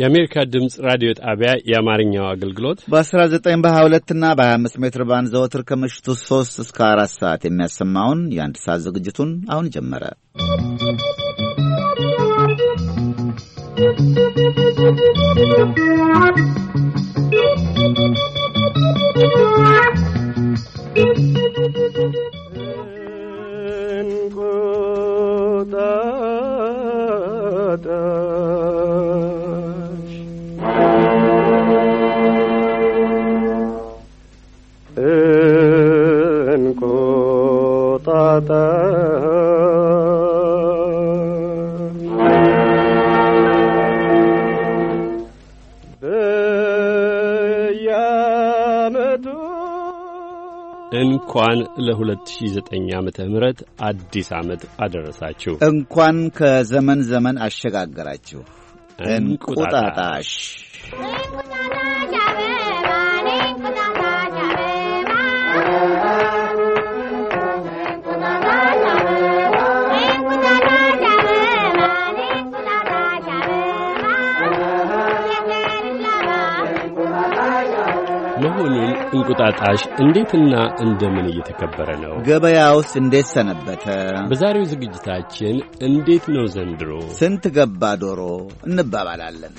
የአሜሪካ ድምፅ ራዲዮ ጣቢያ የአማርኛው አገልግሎት በ19 በ22 እና በ25 ሜትር ባንድ ዘወትር ከምሽቱ 3 እስከ 4 ሰዓት የሚያሰማውን የአንድ ሰዓት ዝግጅቱን አሁን ጀመረ። ¶¶ እንኳን ለ2009 ዓ ም አዲስ ዓመት አደረሳችሁ። እንኳን ከዘመን ዘመን አሸጋገራችሁ። እንቁጣጣሽ እንቁጣጣሽ እንዴትና እንደምን እየተከበረ ነው? ገበያ ውስጥ እንዴት ሰነበተ? በዛሬው ዝግጅታችን እንዴት ነው ዘንድሮ ስንት ገባ ዶሮ እንባባላለን።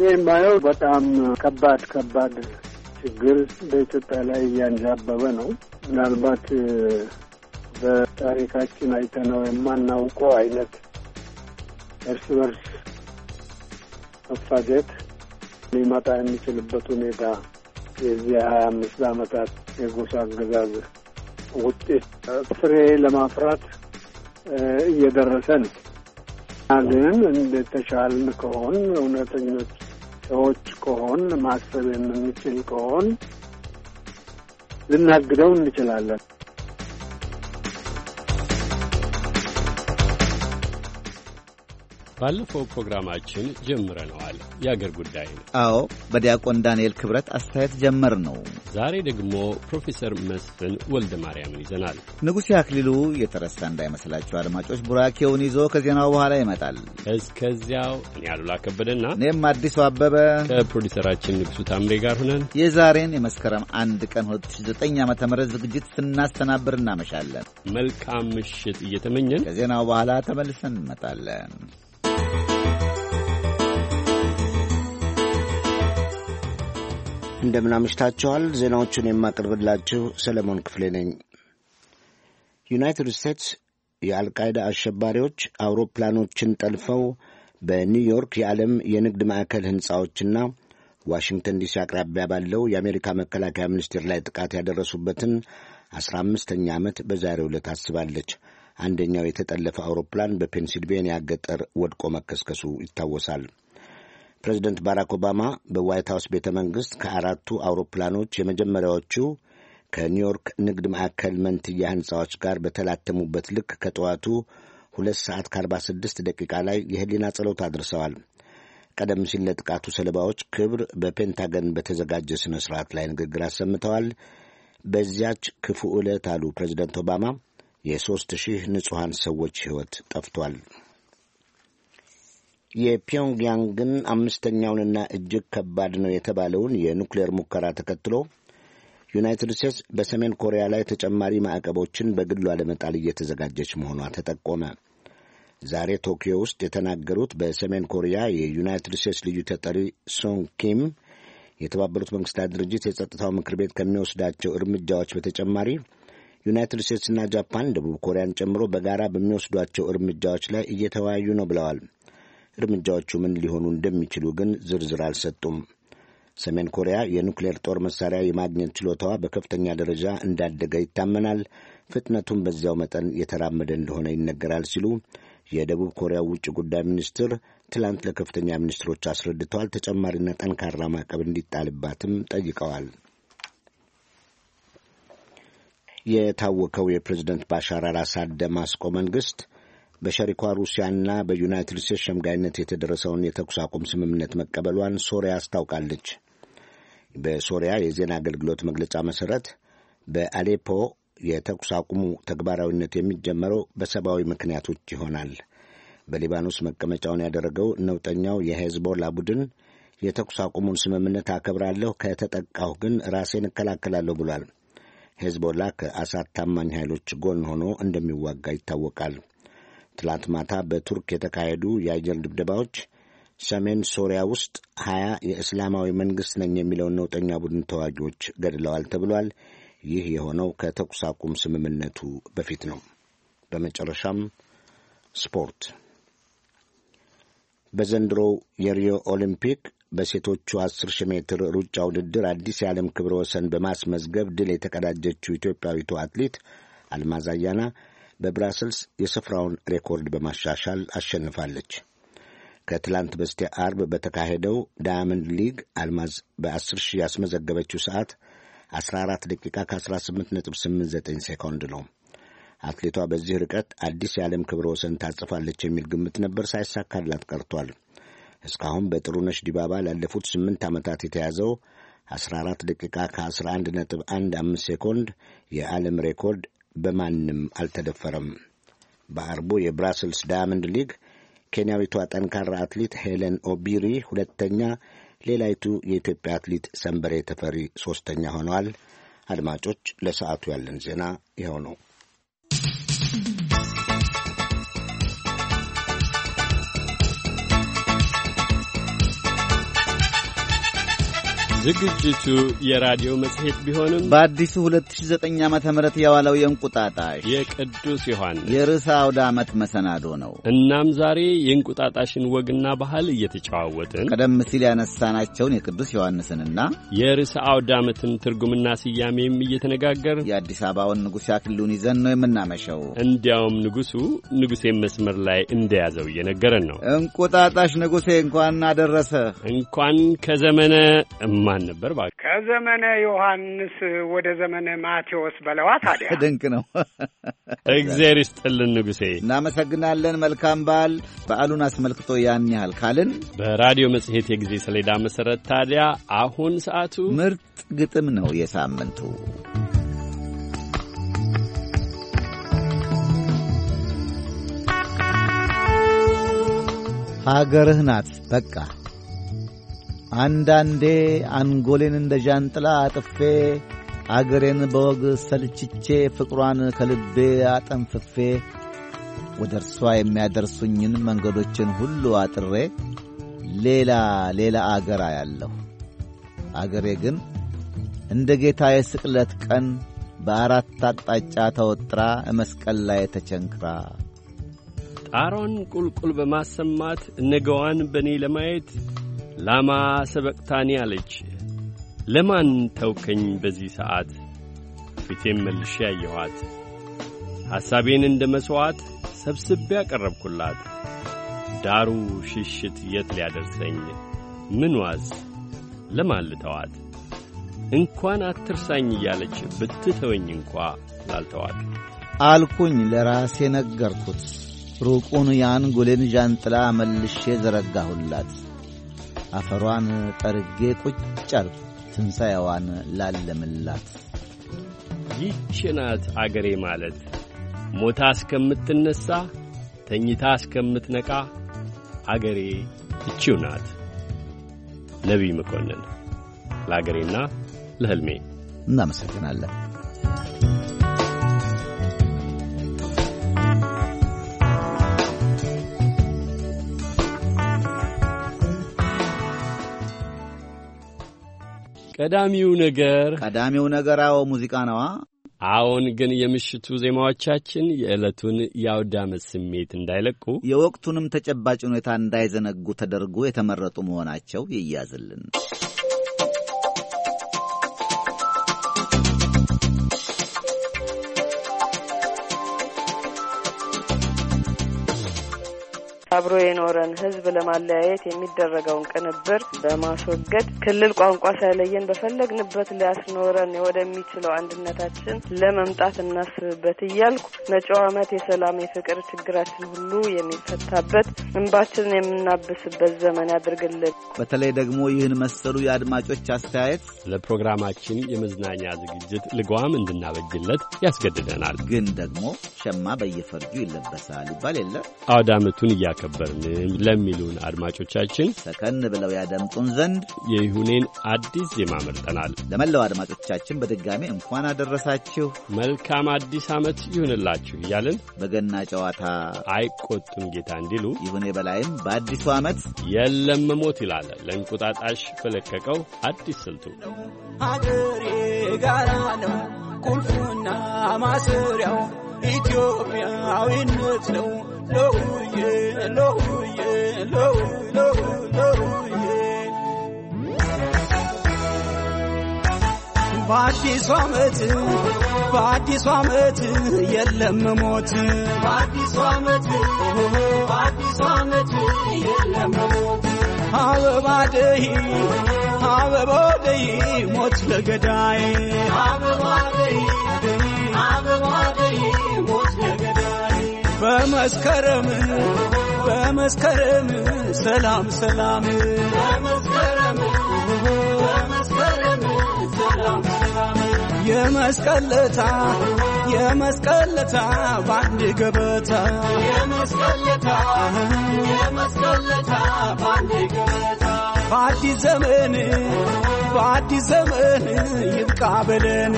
ይህ የማየው በጣም ከባድ ከባድ ችግር በኢትዮጵያ ላይ እያንዣበበ ነው። ምናልባት በታሪካችን አይተነው የማናውቀው አይነት እርስ በርስ መፋጀት ሊመጣ የሚችልበት ሁኔታ የዚህ ሀያ አምስት ዓመታት የጎሳ አገዛዝ ውጤት ፍሬ ለማፍራት እየደረሰ ነው። ግን እንደተሻልን ከሆን እውነተኞች ሰዎች ከሆን ማሰብ የምንችል ከሆን ልናግደው እንችላለን። ባለፈው ፕሮግራማችን ጀምረነዋል። የአገር ጉዳይ ነው። አዎ፣ በዲያቆን ዳንኤል ክብረት አስተያየት ጀመር ነው። ዛሬ ደግሞ ፕሮፌሰር መስፍን ወልደ ማርያምን ይዘናል። ንጉሴ አክሊሉ የተረሳ እንዳይመስላቸው አድማጮች፣ ቡራኬውን ይዞ ከዜናው በኋላ ይመጣል። እስከዚያው እኔ አሉላ ከበደና እኔም አዲሱ አበበ ከፕሮዲሰራችን ንጉሱ ታምሬ ጋር ሁነን የዛሬን የመስከረም አንድ ቀን 2009 ዓ ም ዝግጅት ስናስተናብር እናመሻለን። መልካም ምሽት እየተመኘን ከዜናው በኋላ ተመልሰን እንመጣለን። እንደምናምሽታችኋል። ዜናዎቹን የማቀርብላችሁ ሰለሞን ክፍሌ ነኝ። ዩናይትድ ስቴትስ የአልቃይዳ አሸባሪዎች አውሮፕላኖችን ጠልፈው በኒውዮርክ የዓለም የንግድ ማዕከል ሕንፃዎችና ዋሽንግተን ዲሲ አቅራቢያ ባለው የአሜሪካ መከላከያ ሚኒስቴር ላይ ጥቃት ያደረሱበትን አስራ አምስተኛ ዓመት በዛሬው ዕለት አስባለች። አንደኛው የተጠለፈ አውሮፕላን በፔንሲልቬንያ ገጠር ወድቆ መከስከሱ ይታወሳል። ፕሬዚደንት ባራክ ኦባማ በዋይት ሀውስ ቤተ መንግሥት ከአራቱ አውሮፕላኖች የመጀመሪያዎቹ ከኒውዮርክ ንግድ ማዕከል መንትያ ሕንፃዎች ጋር በተላተሙበት ልክ ከጠዋቱ ሁለት ሰዓት ከ46 ደቂቃ ላይ የህሊና ጸሎት አድርሰዋል። ቀደም ሲል ለጥቃቱ ሰለባዎች ክብር በፔንታገን በተዘጋጀ ሥነ ሥርዓት ላይ ንግግር አሰምተዋል። በዚያች ክፉ ዕለት አሉ ፕሬዚደንት ኦባማ የሦስት ሺህ ንጹሐን ሰዎች ሕይወት ጠፍቷል። የፒዮንግያንግን አምስተኛውንና እጅግ ከባድ ነው የተባለውን የኑክሌር ሙከራ ተከትሎ ዩናይትድ ስቴትስ በሰሜን ኮሪያ ላይ ተጨማሪ ማዕቀቦችን በግሏ ለመጣል እየተዘጋጀች መሆኗ ተጠቆመ። ዛሬ ቶኪዮ ውስጥ የተናገሩት በሰሜን ኮሪያ የዩናይትድ ስቴትስ ልዩ ተጠሪ ሶንግ ኪም የተባበሩት መንግስታት ድርጅት የጸጥታው ምክር ቤት ከሚወስዳቸው እርምጃዎች በተጨማሪ ዩናይትድ ስቴትስና ጃፓን ደቡብ ኮሪያን ጨምሮ በጋራ በሚወስዷቸው እርምጃዎች ላይ እየተወያዩ ነው ብለዋል። እርምጃዎቹ ምን ሊሆኑ እንደሚችሉ ግን ዝርዝር አልሰጡም። ሰሜን ኮሪያ የኑክሌር ጦር መሳሪያ የማግኘት ችሎታዋ በከፍተኛ ደረጃ እንዳደገ ይታመናል፣ ፍጥነቱም በዚያው መጠን የተራመደ እንደሆነ ይነገራል ሲሉ የደቡብ ኮሪያ ውጭ ጉዳይ ሚኒስትር ትላንት ለከፍተኛ ሚኒስትሮች አስረድተዋል። ተጨማሪና ጠንካራ ማዕቀብ እንዲጣልባትም ጠይቀዋል። የታወከው የፕሬዝደንት ባሻር አልአሳድ ደማስቆ መንግሥት በሸሪኳ ሩሲያና በዩናይትድ ስቴትስ ሸምጋይነት የተደረሰውን የተኩስ አቁም ስምምነት መቀበሏን ሶሪያ አስታውቃለች። በሶሪያ የዜና አገልግሎት መግለጫ መሠረት በአሌፖ የተኩስ አቁሙ ተግባራዊነት የሚጀመረው በሰብአዊ ምክንያቶች ይሆናል። በሊባኖስ መቀመጫውን ያደረገው ነውጠኛው የሄዝቦላ ቡድን የተኩስ አቁሙን ስምምነት አከብራለሁ፣ ከተጠቃሁ ግን ራሴን እከላከላለሁ ብሏል። ሄዝቦላ ከአሳድ ታማኝ ኃይሎች ጎን ሆኖ እንደሚዋጋ ይታወቃል። ትላንት ማታ በቱርክ የተካሄዱ የአየር ድብደባዎች ሰሜን ሶሪያ ውስጥ ሀያ የእስላማዊ መንግሥት ነኝ የሚለውን ነውጠኛ ቡድን ተዋጊዎች ገድለዋል ተብሏል። ይህ የሆነው ከተኩስ አቁም ስምምነቱ በፊት ነው። በመጨረሻም ስፖርት። በዘንድሮው የሪዮ ኦሊምፒክ በሴቶቹ 10 ሺህ ሜትር ሩጫ ውድድር አዲስ የዓለም ክብረ ወሰን በማስመዝገብ ድል የተቀዳጀችው ኢትዮጵያዊቱ አትሌት አልማዝ አያና በብራሰልስ የስፍራውን ሬኮርድ በማሻሻል አሸንፋለች። ከትላንት በስቲያ አርብ በተካሄደው ዳያመንድ ሊግ አልማዝ በ10 ሺህ ያስመዘገበችው ሰዓት 14 ደቂቃ ከ18.89 ሴኮንድ ነው። አትሌቷ በዚህ ርቀት አዲስ የዓለም ክብረ ወሰን ታጽፋለች የሚል ግምት ነበር፣ ሳይሳካላት ቀርቷል። እስካሁን በጥሩነሽ ዲባባ ላለፉት ስምንት ዓመታት የተያዘው 14 ደቂቃ ከ11 ነጥብ 15 ሴኮንድ የዓለም ሬኮርድ በማንም አልተደፈረም። በአርቡ የብራስልስ ዳያመንድ ሊግ ኬንያዊቷ ጠንካራ አትሌት ሄለን ኦቢሪ ሁለተኛ፣ ሌላይቱ የኢትዮጵያ አትሌት ሰንበሬ ተፈሪ ሦስተኛ ሆነዋል። አድማጮች፣ ለሰዓቱ ያለን ዜና ይኸው ነው። ዝግጅቱ የራዲዮ መጽሔት ቢሆንም በአዲሱ 2009 ዓ ም የዋለው የእንቁጣጣሽ የቅዱስ ዮሐንስ የርዕሰ አውደ ዓመት መሰናዶ ነው። እናም ዛሬ የእንቁጣጣሽን ወግና ባህል እየተጨዋወጥን ቀደም ሲል ያነሳናቸውን የቅዱስ ዮሐንስንና የርዕሰ አውደ ዓመትን ትርጉምና ስያሜም እየተነጋገር የአዲስ አበባውን ንጉሥ ያክሉን ይዘን ነው የምናመሸው። እንዲያውም ንጉሡ ንጉሴን መስመር ላይ እንደያዘው እየነገረን ነው። እንቁጣጣሽ ንጉሴ እንኳን አደረሰ እንኳን ከዘመነ ማን ነበር? ከዘመነ ዮሐንስ ወደ ዘመነ ማቴዎስ በለዋ። ታዲያ ድንቅ ነው። እግዚአብሔር ይስጥልን ንጉሴ፣ እናመሰግናለን። መልካም በዓል። በዓሉን አስመልክቶ ያን ያህል ካልን በራዲዮ መጽሔት የጊዜ ሰሌዳ መሠረት ታዲያ አሁን ሰዓቱ ምርጥ ግጥም ነው የሳምንቱ ሀገርህ ናት በቃ አንዳንዴ አንጎሌን እንደ ዣንጥላ አጥፌ አገሬን በወግ ሰልችቼ ፍቅሯን ከልቤ አጠንፍፌ ወደ እርሷ የሚያደርሱኝን መንገዶችን ሁሉ አጥሬ ሌላ ሌላ አገር አያለሁ። አገሬ ግን እንደ ጌታ የስቅለት ቀን በአራት አቅጣጫ ተወጥራ መስቀል ላይ ተቸንክራ ጣሯን ቁልቁል በማሰማት ነገዋን በእኔ ለማየት ላማ ሰበቅታኒ አለች። ለማን ተውከኝ በዚህ ሰዓት ፊቴም መልሼ ያየኋት ሐሳቤን እንደ መሥዋዕት ሰብስቤ ያቀረብኩላት ዳሩ ሽሽት የት ሊያደርሰኝ ምን ዋዝ ለማን ልተዋት እንኳን አትርሳኝ እያለች ብትተወኝ እንኳ ላልተዋት አልኩኝ ለራሴ ነገርኩት ሩቁን ያን ጉሌን ዣንጥላ መልሼ ዘረጋሁላት አፈሯን ጠርጌ ቁጭ ትንሣኤዋን ላለምላት። ይህች ናት አገሬ ማለት ሞታ እስከምትነሣ ተኝታ እስከምትነቃ አገሬ እችው ናት። ነቢይ መኮንን ለአገሬና ለሕልሜ እናመሰግናለን። ቀዳሚው ነገር ቀዳሚው ነገር አዎ ሙዚቃ ነዋ። አዎን፣ ግን የምሽቱ ዜማዎቻችን የዕለቱን የአውዳመት ስሜት እንዳይለቁ የወቅቱንም ተጨባጭ ሁኔታ እንዳይዘነጉ ተደርጎ የተመረጡ መሆናቸው ይያዝልን። አብሮ የኖረን ህዝብ ለማለያየት የሚደረገውን ቅንብር በማስወገድ ክልል ቋንቋ ሳይለየን በፈለግንበት ሊያስኖረን ወደሚችለው አንድነታችን ለመምጣት እናስብበት እያልኩ መጪው ዓመት የሰላም የፍቅር ችግራችን ሁሉ የሚፈታበት እንባችን የምናብስበት ዘመን ያድርግልን። በተለይ ደግሞ ይህን መሰሉ የአድማጮች አስተያየት ለፕሮግራማችን የመዝናኛ ዝግጅት ልጓም እንድናበጅለት ያስገድደናል። ግን ደግሞ ሸማ በየፈርጁ ይለበሳል ይባል የለ አውደ ዓመቱን እያከ አላከበርንም ለሚሉን አድማጮቻችን ሰከን ብለው ያደምጡን ዘንድ የይሁኔን አዲስ ዜማ መርጠናል። ለመላው አድማጮቻችን በድጋሚ እንኳን አደረሳችሁ፣ መልካም አዲስ ዓመት ይሁንላችሁ እያልን በገና ጨዋታ አይቆጡም ጌታ እንዲሉ ይሁኔ በላይም በአዲሱ ዓመት የለም ሞት ይላል ለእንቁጣጣሽ በለቀቀው አዲስ ስልቱ አገሬ ጋራ ነው ቁልፉና ማሰሪያው ኢትዮጵያዊነት ነው ለሁዬ ለሁዬ ለሁ ለሁ ለሁዬ በአዲሱ ዓመት በአዲሱ ዓመት የለም ሞት በአዲሱ ዓመት በአዲሱ ዓመት የለም ሞት አበባ አበባ ሞት ለገዳይ አበባ በመስከረም በመስከረም ሰላም ሰላም የመስቀለታ የመስቀለታ ባንድ ገበታ በአዲስ ዘመን በአዲስ ዘመን ይብቃ በለን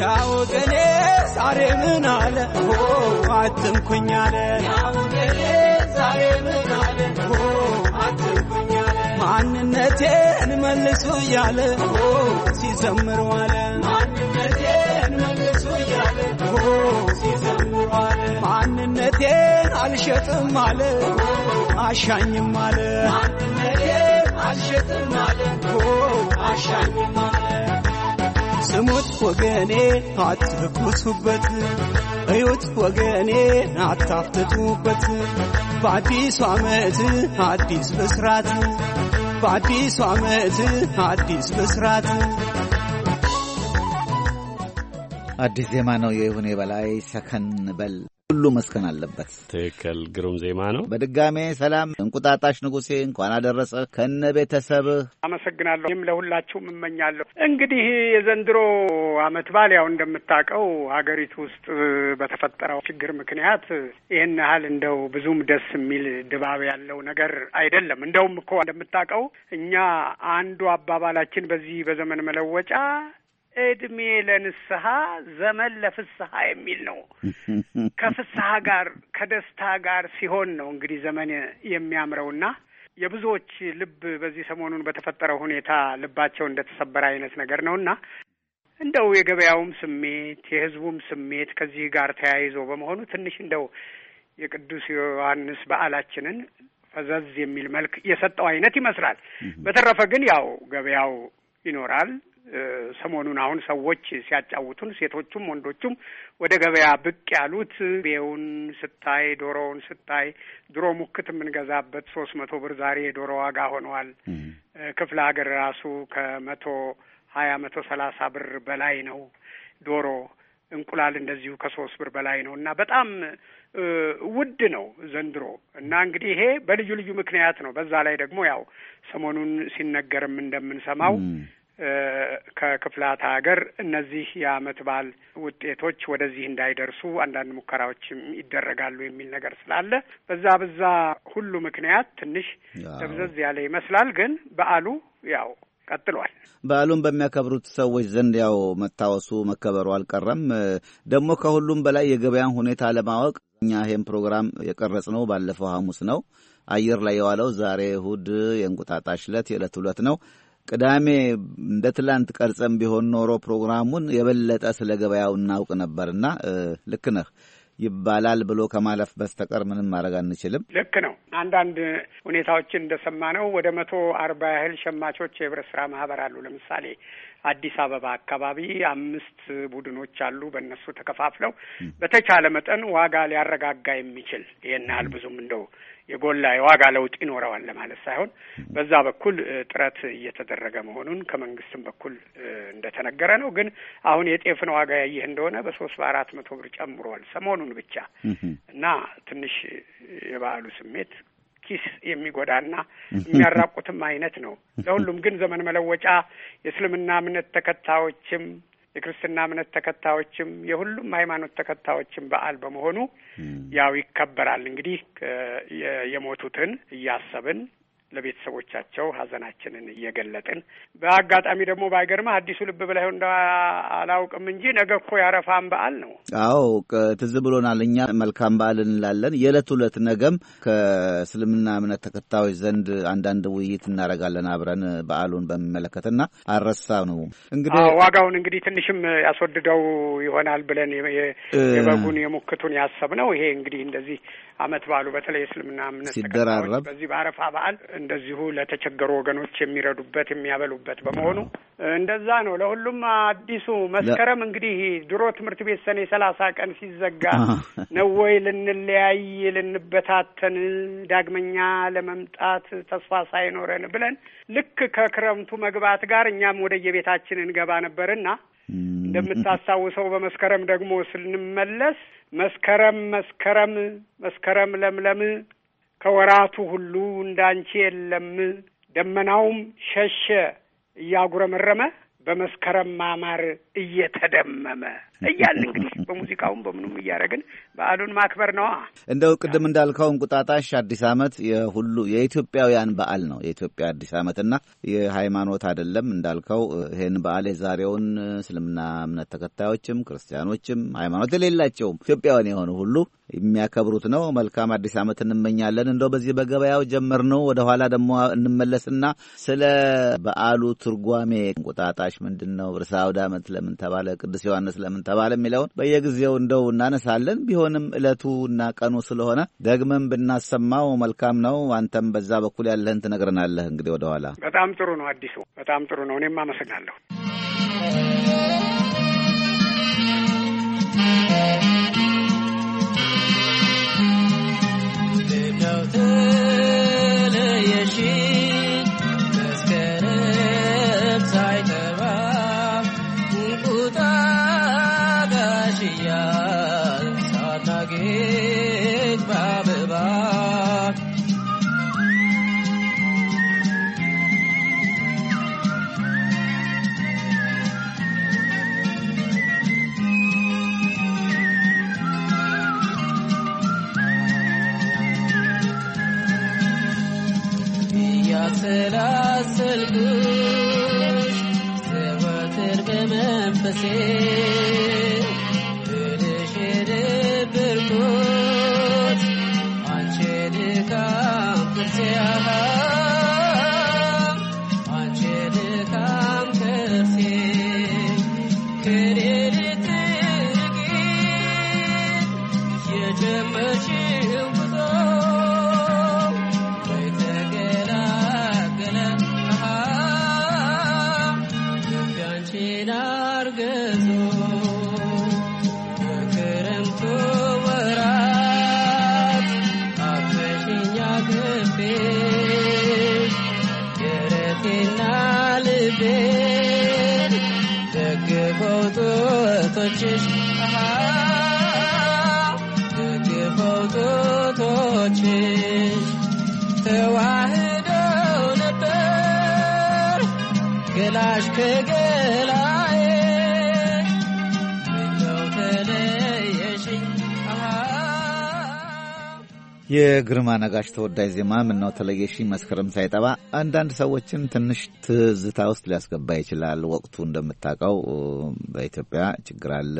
ያወገኔ ዛሬ ምን አለ አትንኩኝ አለ ያወገኔ ዛሬ ምን አለ ማንነቴን መልሱ እያለ ሲዘምር ዋለ። ማንነቴን አልሸጥም አለ አሻኝም አለ ስሙት ወገኔ አትርኩሱበት እዩት ወገኔ አታፍትቱበት በአዲሱ ዓመት አዲስ ብስራት በአዲሱ ዓመት አዲስ ብስራት አዲስ ዜማ ነው የይሁኔ በላይ ሰከን በል ሁሉ መስከን አለበት። ትክክል። ግሩም ዜማ ነው። በድጋሜ ሰላም እንቁጣጣሽ ንጉሴ እንኳን አደረሰ ከነ ቤተሰብህ። አመሰግናለሁ። ይህም ለሁላችሁም እመኛለሁ። እንግዲህ የዘንድሮ አመት በዓል ያው እንደምታውቀው ሀገሪቱ ውስጥ በተፈጠረው ችግር ምክንያት ይህን ያህል እንደው ብዙም ደስ የሚል ድባብ ያለው ነገር አይደለም። እንደውም እኮ እንደምታውቀው እኛ አንዱ አባባላችን በዚህ በዘመን መለወጫ እድሜ ለንስሐ ዘመን ለፍስሐ የሚል ነው። ከፍስሐ ጋር ከደስታ ጋር ሲሆን ነው እንግዲህ ዘመን የሚያምረውና የብዙዎች ልብ በዚህ ሰሞኑን በተፈጠረው ሁኔታ ልባቸው እንደተሰበረ አይነት ነገር ነውና እንደው የገበያውም ስሜት የሕዝቡም ስሜት ከዚህ ጋር ተያይዞ በመሆኑ ትንሽ እንደው የቅዱስ ዮሐንስ በዓላችንን ፈዘዝ የሚል መልክ የሰጠው አይነት ይመስላል። በተረፈ ግን ያው ገበያው ይኖራል፣ ሰሞኑን አሁን ሰዎች ሲያጫውቱን ሴቶቹም ወንዶቹም ወደ ገበያ ብቅ ያሉት ቤውን ስታይ ዶሮውን ስታይ ድሮ ሙክት የምንገዛበት ሶስት መቶ ብር ዛሬ የዶሮ ዋጋ ሆነዋል። ክፍለ ሀገር ራሱ ከመቶ ሀያ መቶ ሰላሳ ብር በላይ ነው ዶሮ እንቁላል እንደዚሁ ከሶስት ብር በላይ ነው እና በጣም ውድ ነው ዘንድሮ። እና እንግዲህ ይሄ በልዩ ልዩ ምክንያት ነው። በዛ ላይ ደግሞ ያው ሰሞኑን ሲነገርም እንደምንሰማው ከክፍላት ሀገር እነዚህ የአመት በዓል ውጤቶች ወደዚህ እንዳይደርሱ አንዳንድ ሙከራዎችም ይደረጋሉ የሚል ነገር ስላለ በዛ በዛ ሁሉ ምክንያት ትንሽ ደብዘዝ ያለ ይመስላል። ግን በዓሉ ያው ቀጥሏል። በዓሉን በሚያከብሩት ሰዎች ዘንድ ያው መታወሱ መከበሩ አልቀረም። ደግሞ ከሁሉም በላይ የገበያን ሁኔታ ለማወቅ እኛ ይህም ፕሮግራም የቀረጽ ነው ባለፈው ሐሙስ ነው አየር ላይ የዋለው ዛሬ እሁድ የእንቁጣጣሽ ዕለት የዕለት ዕለት ነው። ቅዳሜ እንደ ትላንት ቀርጸም ቢሆን ኖሮ ፕሮግራሙን የበለጠ ስለ ገበያው እናውቅ ነበርና ልክ ነህ ይባላል ብሎ ከማለፍ በስተቀር ምንም ማድረግ አንችልም። ልክ ነው። አንዳንድ ሁኔታዎችን እንደሰማ ነው ወደ መቶ አርባ ያህል ሸማቾች የህብረት ስራ ማህበር አሉ። ለምሳሌ አዲስ አበባ አካባቢ አምስት ቡድኖች አሉ። በእነሱ ተከፋፍለው በተቻለ መጠን ዋጋ ሊያረጋጋ የሚችል ይህን ያህል ብዙም እንደው የጎላ የዋጋ ለውጥ ይኖረዋል ለማለት ሳይሆን በዛ በኩል ጥረት እየተደረገ መሆኑን ከመንግስትም በኩል እንደተነገረ ነው። ግን አሁን የጤፍን ዋጋ ያየህ እንደሆነ በሶስት በአራት መቶ ብር ጨምሯል ሰሞኑን ብቻ እና ትንሽ የበዓሉ ስሜት ኪስ የሚጎዳና የሚያራቁትም አይነት ነው። ለሁሉም ግን ዘመን መለወጫ የእስልምና እምነት ተከታዮችም የክርስትና እምነት ተከታዮችም የሁሉም ሃይማኖት ተከታዮችም በዓል በመሆኑ ያው ይከበራል። እንግዲህ የሞቱትን እያሰብን ለቤተሰቦቻቸው ሀዘናችንን እየገለጥን በአጋጣሚ ደግሞ ባይገርምህ አዲሱ ልብ ብላ እንደ አላውቅም እንጂ ነገ እኮ ያረፋን በዓል ነው። አዎ ትዝ ብሎናል። እኛ መልካም በዓል እንላለን። የዕለት ሁለት ነገም ከእስልምና እምነት ተከታዮች ዘንድ አንዳንድ ውይይት እናደርጋለን አብረን በዓሉን በሚመለከትና አረሳ ነው እንግዲህ ዋጋውን እንግዲህ ትንሽም ያስወድደው ይሆናል ብለን የበጉን የሙክቱን ያሰብነው ይሄ እንግዲህ እንደዚህ አመት በዓሉ በተለይ እስልምና እምነት ሲደራረብ በዚህ በአረፋ በዓል እንደዚሁ ለተቸገሩ ወገኖች የሚረዱበት የሚያበሉበት በመሆኑ እንደዛ ነው። ለሁሉም አዲሱ መስከረም እንግዲህ ድሮ ትምህርት ቤት ሰኔ ሰላሳ ቀን ሲዘጋ ነው ወይ ልንለያይ ልንበታተን ዳግመኛ ለመምጣት ተስፋ ሳይኖረን ብለን ልክ ከክረምቱ መግባት ጋር እኛም ወደየቤታችን እንገባ ነበርና እንደምታስታውሰው በመስከረም ደግሞ ስንመለስ መስከረም መስከረም መስከረም ለምለም ከወራቱ ሁሉ እንዳንቺ የለም ደመናውም ሸሸ እያጉረመረመ በመስከረም ማማር እየተደመመ እያልን እንግዲህ በሙዚቃውም በምኑም እያደረግን በዓሉን ማክበር ነዋ። እንደው ቅድም እንዳልከው እንቁጣጣሽ አዲስ ዓመት የሁሉ የኢትዮጵያውያን በዓል ነው። የኢትዮጵያ አዲስ ዓመትና እና የሃይማኖት አይደለም እንዳልከው። ይህን በዓል የዛሬውን እስልምና እምነት ተከታዮችም ክርስቲያኖችም ሃይማኖት የሌላቸውም ኢትዮጵያውያን የሆኑ ሁሉ የሚያከብሩት ነው። መልካም አዲስ ዓመት እንመኛለን። እንደው በዚህ በገበያው ጀመር ነው ወደ ኋላ ደግሞ እንመለስና ስለ በዓሉ ትርጓሜ እንቁጣጣሽ ምንድን ነው? ርዕሰ አውደ ዓመት ለምን ተባለ? ቅዱስ ዮሐንስ ለምን ተባለ የሚለውን በየጊዜው እንደው እናነሳለን። ቢሆንም እና ቀኑ ስለሆነ ደግመን ብናሰማው መልካም ነው። አንተም በዛ በኩል ያለህን ትነግረናለህ። እንግዲህ ወደኋላ በጣም ጥሩ ነው። አዲሱ በጣም ጥሩ ነው። እኔም አመሰግናለሁ። Know ዘወትር በመንፈሴ ልቤን ደረቴና ልቤን ደግፈው ጡቶችሽ ተዋህደው ነበር የግርማ ነጋሽ ተወዳጅ ዜማ ምነው ተለየሽ መስከረም ሳይጠባ አንዳንድ ሰዎችን ትንሽ ትዝታ ውስጥ ሊያስገባ ይችላል። ወቅቱ እንደምታውቀው በኢትዮጵያ ችግር አለ፣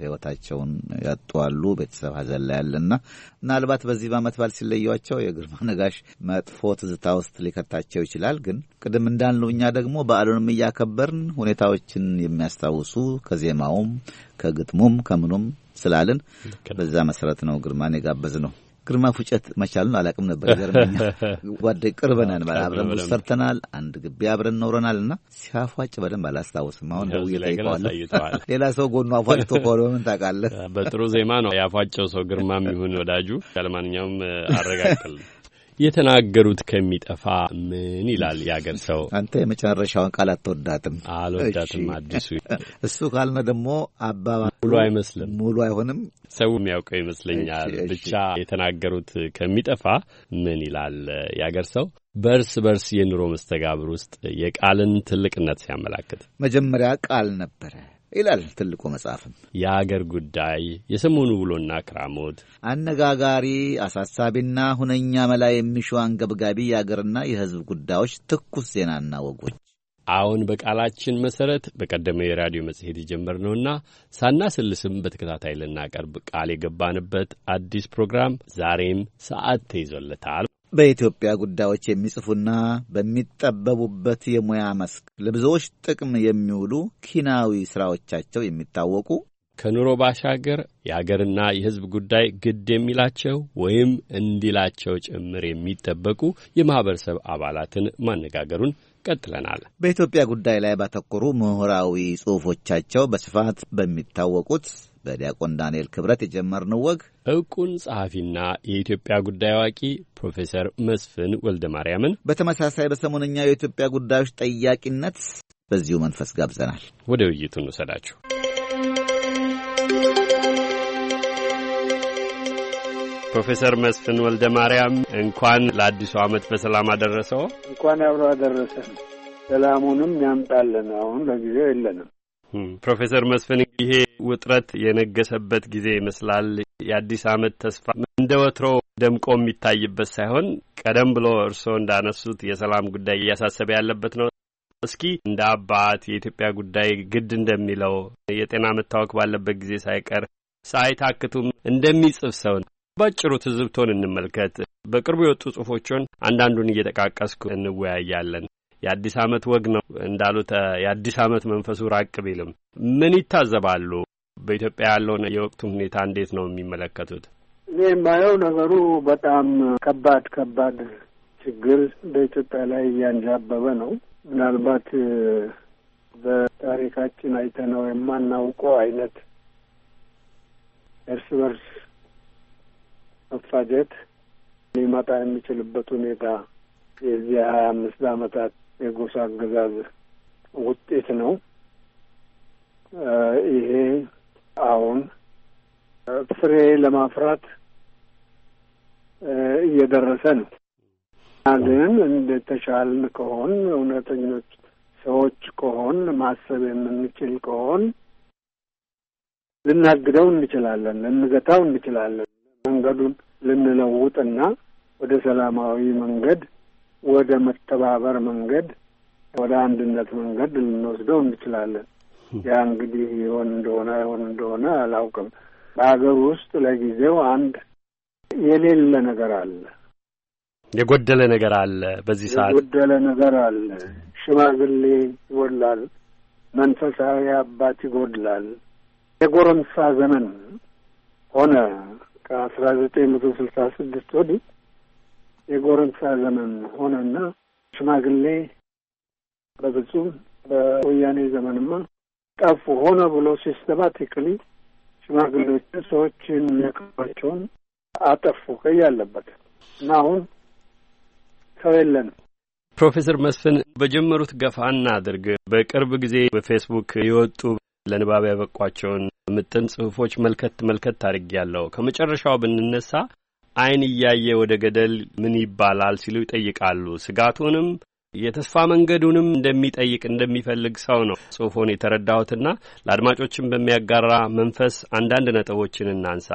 ሕይወታቸውን ያጡ አሉ፣ ቤተሰብ ሀዘን ላይ ያለና ምናልባት በዚህ በዓመት በዓል ሲለያቸው የግርማ ነጋሽ መጥፎ ትዝታ ውስጥ ሊከታቸው ይችላል። ግን ቅድም እንዳልነው እኛ ደግሞ በዓሉንም እያከበርን ሁኔታዎችን የሚያስታውሱ ከዜማውም ከግጥሙም ከምኑም ስላልን በዛ መሰረት ነው ግርማን የጋበዝ ነው። ግርማ ፉጨት መቻል ነው አላቅም ነበር። ዘርመኛ ጓደ ቅርበናን አብረን ውስጥ ሰርተናል። አንድ ግቢ አብረን ኖረናል እና ሲያፏጭ በደንብ አላስታውስም። አሁን ደውዬ እጠይቀዋለሁ። ሌላ ሰው ጎኑ አፏጭቶ ከሆነ በምን ታውቃለህ? በጥሩ ዜማ ነው ያፏጨው ሰው ግርማ የሚሆን ወዳጁ ለማንኛውም አረጋግጠል የተናገሩት ከሚጠፋ ምን ይላል የአገር ሰው። አንተ የመጨረሻውን ቃል አትወዳትም አልወዳትም። አዲሱ እሱ ካልነ ደግሞ አባባ ሙሉ አይመስልም፣ ሙሉ አይሆንም። ሰው የሚያውቀው ይመስለኛል። ብቻ የተናገሩት ከሚጠፋ ምን ይላል የአገር ሰው በእርስ በርስ የኑሮ መስተጋብር ውስጥ የቃልን ትልቅነት ሲያመላክት መጀመሪያ ቃል ነበረ ይላል ትልቁ መጽሐፍም። የአገር ጉዳይ የሰሞኑ ውሎና ክራሞት አነጋጋሪ፣ አሳሳቢና ሁነኛ መላ የሚሹ አንገብጋቢ የአገርና የሕዝብ ጉዳዮች፣ ትኩስ ዜናና ወጎች አሁን በቃላችን መሰረት በቀደመው የራዲዮ መጽሔት የጀመርነውና ሳናስልስም በተከታታይ ልናቀርብ ቃል የገባንበት አዲስ ፕሮግራም ዛሬም ሰዓት ተይዞለታል። በኢትዮጵያ ጉዳዮች የሚጽፉና በሚጠበቡበት የሙያ መስክ ለብዙዎች ጥቅም የሚውሉ ኪናዊ ሥራዎቻቸው የሚታወቁ ከኑሮ ባሻገር የአገርና የሕዝብ ጉዳይ ግድ የሚላቸው ወይም እንዲላቸው ጭምር የሚጠበቁ የማኅበረሰብ አባላትን ማነጋገሩን ቀጥለናል። በኢትዮጵያ ጉዳይ ላይ ባተኮሩ ምሁራዊ ጽሑፎቻቸው በስፋት በሚታወቁት በዲያቆን ዳንኤል ክብረት የጀመርነው ወግ እውቁን ጸሐፊና የኢትዮጵያ ጉዳይ አዋቂ ፕሮፌሰር መስፍን ወልደ ማርያምን በተመሳሳይ በሰሞነኛው የኢትዮጵያ ጉዳዮች ጠያቂነት በዚሁ መንፈስ ጋብዘናል። ወደ ውይይቱ እንውሰዳችሁ። ፕሮፌሰር መስፍን ወልደ ማርያም እንኳን ለአዲሱ ዓመት በሰላም አደረሰው። እንኳን አብሮ አደረሰ። ሰላሙንም ያምጣልን። አሁን ለጊዜው የለንም። ፕሮፌሰር መስፍን ይሄ ውጥረት የነገሰበት ጊዜ ይመስላል። የአዲስ ዓመት ተስፋ እንደ ወትሮ ደምቆ የሚታይበት ሳይሆን ቀደም ብሎ እርስዎ እንዳነሱት የሰላም ጉዳይ እያሳሰበ ያለበት ነው። እስኪ እንደ አባት የኢትዮጵያ ጉዳይ ግድ እንደሚለው የጤና መታወክ ባለበት ጊዜ ሳይቀር ሳይታክቱም እንደሚጽፍ ሰው ባጭሩ ትዝብቶን እንመልከት። በቅርቡ የወጡ ጽሁፎችን አንዳንዱን እየጠቃቀስኩ እንወያያለን። የአዲስ ዓመት ወግ ነው እንዳሉት የአዲስ ዓመት መንፈሱ ራቅ ቢልም ምን ይታዘባሉ? በኢትዮጵያ ያለውን የወቅቱ ሁኔታ እንዴት ነው የሚመለከቱት? እኔ የማየው ነገሩ በጣም ከባድ ከባድ ችግር በኢትዮጵያ ላይ እያንዣበበ ነው። ምናልባት በታሪካችን አይተነው የማናውቀው አይነት እርስ በርስ መፋጀት ሊመጣ የሚችልበት ሁኔታ የዚህ ሀያ አምስት አመታት የጎሳ አገዛዝ ውጤት ነው። ይሄ አሁን ፍሬ ለማፍራት እየደረሰ ነው። ግን እንደተሻልን ከሆን እውነተኞች ሰዎች ከሆን ማሰብ የምንችል ከሆን ልናግደው እንችላለን፣ ልንገታው እንችላለን። መንገዱን ልንለውጥና ወደ ሰላማዊ መንገድ ወደ መተባበር መንገድ ወደ አንድነት መንገድ ልንወስደው እንችላለን። ያ እንግዲህ ይሆን እንደሆነ ይሆን እንደሆነ አላውቅም። በሀገር ውስጥ ለጊዜው አንድ የሌለ ነገር አለ፣ የጎደለ ነገር አለ። በዚህ ሰዓት የጎደለ ነገር አለ። ሽማግሌ ይጎድላል፣ መንፈሳዊ አባት ይጎድላል። የጎረምሳ ዘመን ሆነ ከአስራ ዘጠኝ መቶ ስልሳ ስድስት ወዲህ የጎረምሳ ዘመን ሆነና ሽማግሌ በብጹም በወያኔ ዘመንማ ጠፉ። ሆነ ብሎ ሲስተማቲክሊ ሽማግሌዎችን ሰዎችን የሚያቀባቸውን አጠፉ ከያለበት እና አሁን ሰው የለንም። ፕሮፌሰር መስፍን በጀመሩት ገፋ እናድርግ በቅርብ ጊዜ በፌስቡክ የወጡ ለንባብ ያበቋቸውን ምጥን ጽሁፎች መልከት መልከት ታድርግ ያለው ከመጨረሻው ብንነሳ አይን እያየ ወደ ገደል ምን ይባላል ሲሉ ይጠይቃሉ። ስጋቱንም የተስፋ መንገዱንም እንደሚጠይቅ እንደሚፈልግ ሰው ነው ጽሑፎን የተረዳሁትና ለአድማጮችን በሚያጋራ መንፈስ አንዳንድ ነጥቦችን እናንሳ።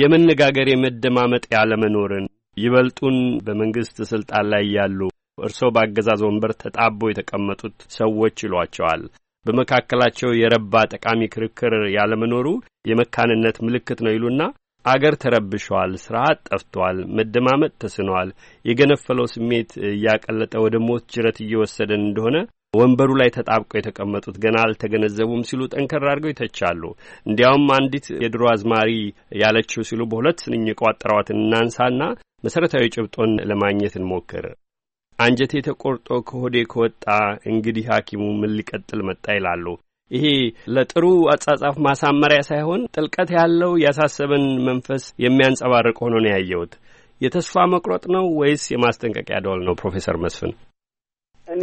የመነጋገር የመደማመጥ ያለመኖርን ይበልጡን በመንግስት ስልጣን ላይ ያሉ እርስዎ በአገዛዝ ወንበር ተጣቦ የተቀመጡት ሰዎች ይሏቸዋል። በመካከላቸው የረባ ጠቃሚ ክርክር ያለመኖሩ የመካንነት ምልክት ነው ይሉና አገር ተረብሸዋል፣ ስርዓት ጠፍቷል፣ መደማመጥ ተስኗል፣ የገነፈለው ስሜት እያቀለጠ ወደ ሞት ጅረት እየወሰደን እንደሆነ ወንበሩ ላይ ተጣብቀው የተቀመጡት ገና አልተገነዘቡም ሲሉ ጠንከር አድርገው ይተቻሉ። እንዲያውም አንዲት የድሮ አዝማሪ ያለችው ሲሉ በሁለት ስንኝ የቋጠሯትን እናንሳና መሠረታዊ ጭብጦን ለማግኘት እንሞክር። አንጀቴ ተቆርጦ ከሆዴ ከወጣ እንግዲህ ሐኪሙ ምን ሊቀጥል መጣ ይላሉ። ይሄ ለጥሩ አጻጻፍ ማሳመሪያ ሳይሆን ጥልቀት ያለው ያሳሰበን መንፈስ የሚያንጸባርቅ ሆኖ ነው ያየሁት። የተስፋ መቁረጥ ነው ወይስ የማስጠንቀቂያ ደወል ነው? ፕሮፌሰር መስፍን እኔ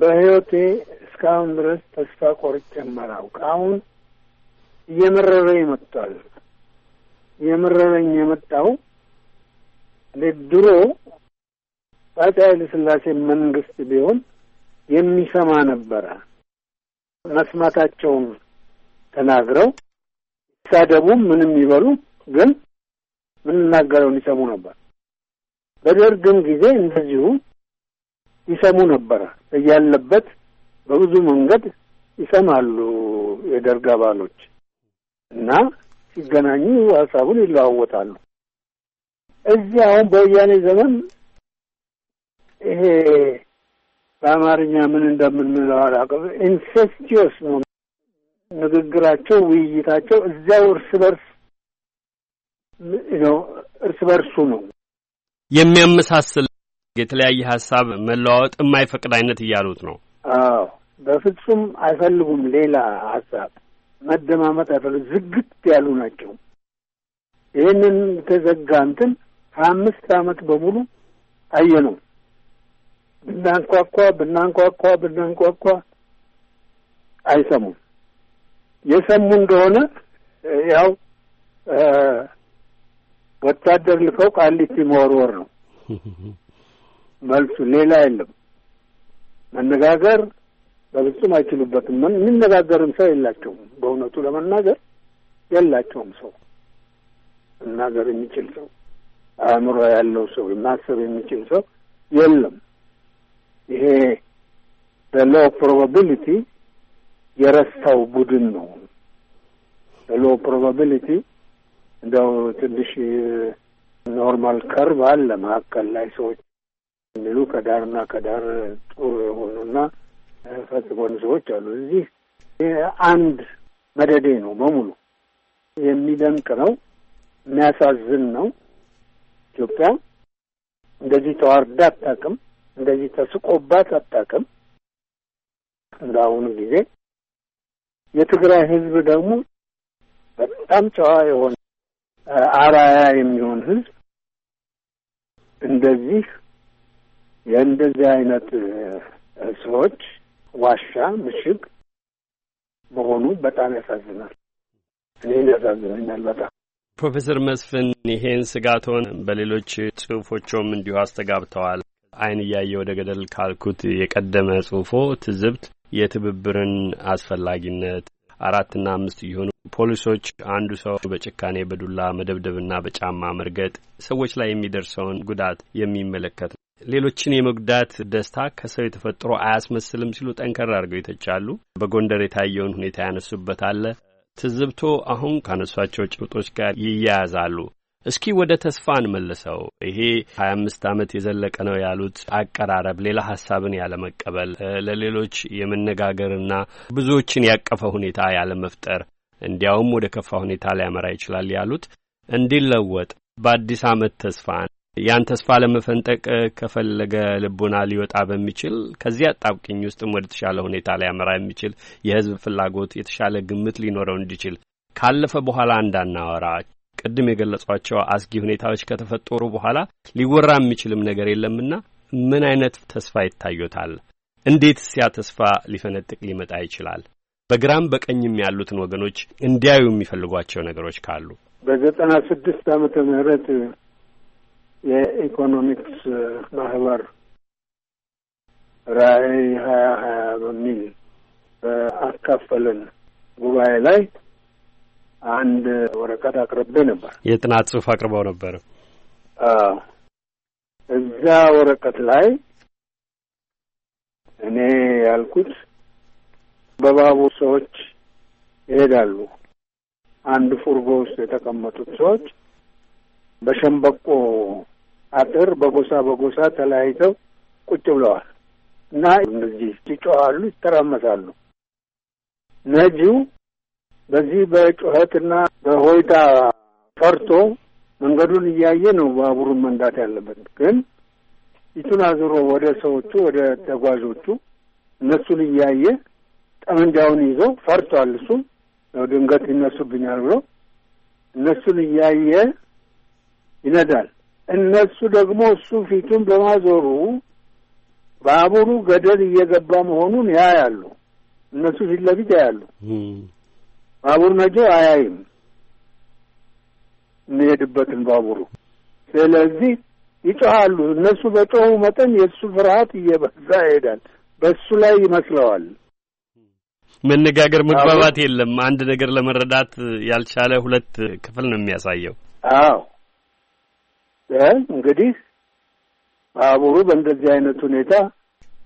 በህይወቴ እስካሁን ድረስ ተስፋ ቆርጬ የማላውቅ አሁን እየመረረኝ መጥቷል። እየመረረኝ የመጣው ድሮ አፄ ኃይለ ሥላሴ መንግስት ቢሆን የሚሰማ ነበረ መስማታቸውን ተናግረው ሳደቡም ምንም ይበሉ ግን ምንናገረውን ይሰሙ ነበር። በደርግም ጊዜ እንደዚሁ ይሰሙ ነበረ። እያለበት በብዙ መንገድ ይሰማሉ የደርግ አባሎች እና ሲገናኙ ሀሳቡን ይለዋወጣሉ። እዚህ አሁን በወያኔ ዘመን ይሄ በአማርኛ ምን እንደምንለው አላውቅም። ኢንሴስቲዮስ ነው ንግግራቸው፣ ውይይታቸው እዚያው እርስ በርስ ነው እርስ በርሱ ነው የሚያመሳስል የተለያየ ሀሳብ መለዋወጥ የማይፈቅድ አይነት እያሉት ነው። አዎ በፍጹም አይፈልጉም። ሌላ ሀሳብ መደማመጥ አይፈልጉም። ዝግት ያሉ ናቸው። ይህንን ተዘጋ እንትን ከአምስት አመት በሙሉ አየ ነው። ብናንኳኳ ብናንኳኳ ብናንኳኳ አይሰሙም። የሰሙ እንደሆነ ያው ወታደር ልከው ቃሊቲ መወርወር ነው መልሱ፣ ሌላ የለም። መነጋገር በፍጹም አይችሉበትም። ምን የሚነጋገርም ሰው የላቸውም። በእውነቱ ለመናገር የላቸውም ሰው መናገር የሚችል ሰው አእምሮ ያለው ሰው ማሰብ የሚችል ሰው የለም። ይሄ በሎ ፕሮባቢሊቲ የረስተው ቡድን ነው። በሎ ፕሮባቢሊቲ እንደው ትንሽ ኖርማል ከርቭ አለ መካከል ላይ ሰዎች የሚሉ ከዳርና ከዳር ጥሩ የሆኑና ፈጽሞን ሰዎች አሉ። እዚህ አንድ መደዴ ነው በሙሉ የሚደንቅ ነው፣ የሚያሳዝን ነው። ኢትዮጵያ እንደዚህ ተዋርዳ አታውቅም። እንደዚህ ተስቆባት አታውቅም እንደ አሁኑ ጊዜ። የትግራይ ህዝብ ደግሞ በጣም ጨዋ የሆነ አራያ የሚሆን ህዝብ እንደዚህ የእንደዚህ አይነት ሰዎች ዋሻ ምሽግ መሆኑ በጣም ያሳዝናል። እኔን ያሳዝነኛል በጣም። ፕሮፌሰር መስፍን ይሄን ስጋቶን በሌሎች ጽሁፎቹም እንዲሁ አስተጋብተዋል። አይን እያየ ወደ ገደል ካልኩት የቀደመ ጽሁፎ ትዝብት የትብብርን አስፈላጊነት አራትና አምስት የሆኑ ፖሊሶች አንዱ ሰው በጭካኔ በዱላ መደብደብና በጫማ መርገጥ ሰዎች ላይ የሚደርሰውን ጉዳት የሚመለከት ነው። ሌሎችን የመጉዳት ደስታ ከሰው የተፈጥሮ አያስመስልም ሲሉ ጠንከር አድርገው ይተቻሉ። በጎንደር የታየውን ሁኔታ ያነሱበት አለ። ትዝብቶ አሁን ካነሷቸው ጭብጦች ጋር ይያያዛሉ። እስኪ ወደ ተስፋ እንመልሰው። ይሄ ሀያ አምስት ዓመት የዘለቀ ነው ያሉት አቀራረብ ሌላ ሀሳብን ያለመቀበል፣ ለሌሎች የመነጋገርና ብዙዎችን ያቀፈ ሁኔታ ያለመፍጠር እንዲያውም ወደ ከፋ ሁኔታ ሊያመራ ይችላል ያሉት እንዲለወጥ በአዲስ ዓመት ተስፋን ያን ተስፋ ለመፈንጠቅ ከፈለገ ልቦና ሊወጣ በሚችል ከዚህ አጣብቅኝ ውስጥም ወደ ተሻለ ሁኔታ ሊያመራ የሚችል የህዝብ ፍላጎት የተሻለ ግምት ሊኖረው እንዲችል ካለፈ በኋላ እንዳናወራ ቅድም የገለጿቸው አስጊ ሁኔታዎች ከተፈጠሩ በኋላ ሊወራ የሚችልም ነገር የለምና ምን አይነት ተስፋ ይታዩታል? እንዴት ሲያ ተስፋ ሊፈነጥቅ ሊመጣ ይችላል? በግራም በቀኝም ያሉትን ወገኖች እንዲያዩ የሚፈልጓቸው ነገሮች ካሉ በዘጠና ስድስት ዓመተ ምህረት የኢኮኖሚክስ ማህበር ራዕይ ሀያ ሀያ በሚል በአካፈለን ጉባኤ ላይ አንድ ወረቀት አቅርቤ ነበር። የጥናት ጽሁፍ አቅርበው ነበር። እዛ ወረቀት ላይ እኔ ያልኩት በባቡር ሰዎች ይሄዳሉ። አንድ ፉርጎ ውስጥ የተቀመጡት ሰዎች በሸንበቆ አጥር በጎሳ በጎሳ ተለያይተው ቁጭ ብለዋል እና እነዚህ ይጮኻሉ፣ ይተራመሳሉ። ነጂው በዚህ በጩኸትና በሆይታ ፈርቶ መንገዱን እያየ ነው ባቡሩን መንዳት ያለበት። ግን ፊቱን አዙሮ ወደ ሰዎቹ ወደ ተጓዦቹ እነሱን እያየ ጠመንጃውን ይዞ ፈርቷል። እሱም ያው ድንገት ይነሱብኛል ብሎ እነሱን እያየ ይነዳል። እነሱ ደግሞ እሱ ፊቱን በማዞሩ ባቡሩ ገደል እየገባ መሆኑን ያያሉ። እነሱ ፊት ለፊት ያያሉ። ባቡር መቼ አያይም የሚሄድበትን ባቡሩ። ስለዚህ ይጮሃሉ። እነሱ በጮሁ መጠን የእሱ ፍርሃት እየበዛ ይሄዳል። በእሱ ላይ ይመስለዋል። መነጋገር መግባባት የለም። አንድ ነገር ለመረዳት ያልቻለ ሁለት ክፍል ነው የሚያሳየው። አዎ እንግዲህ ባቡሩ በእንደዚህ አይነት ሁኔታ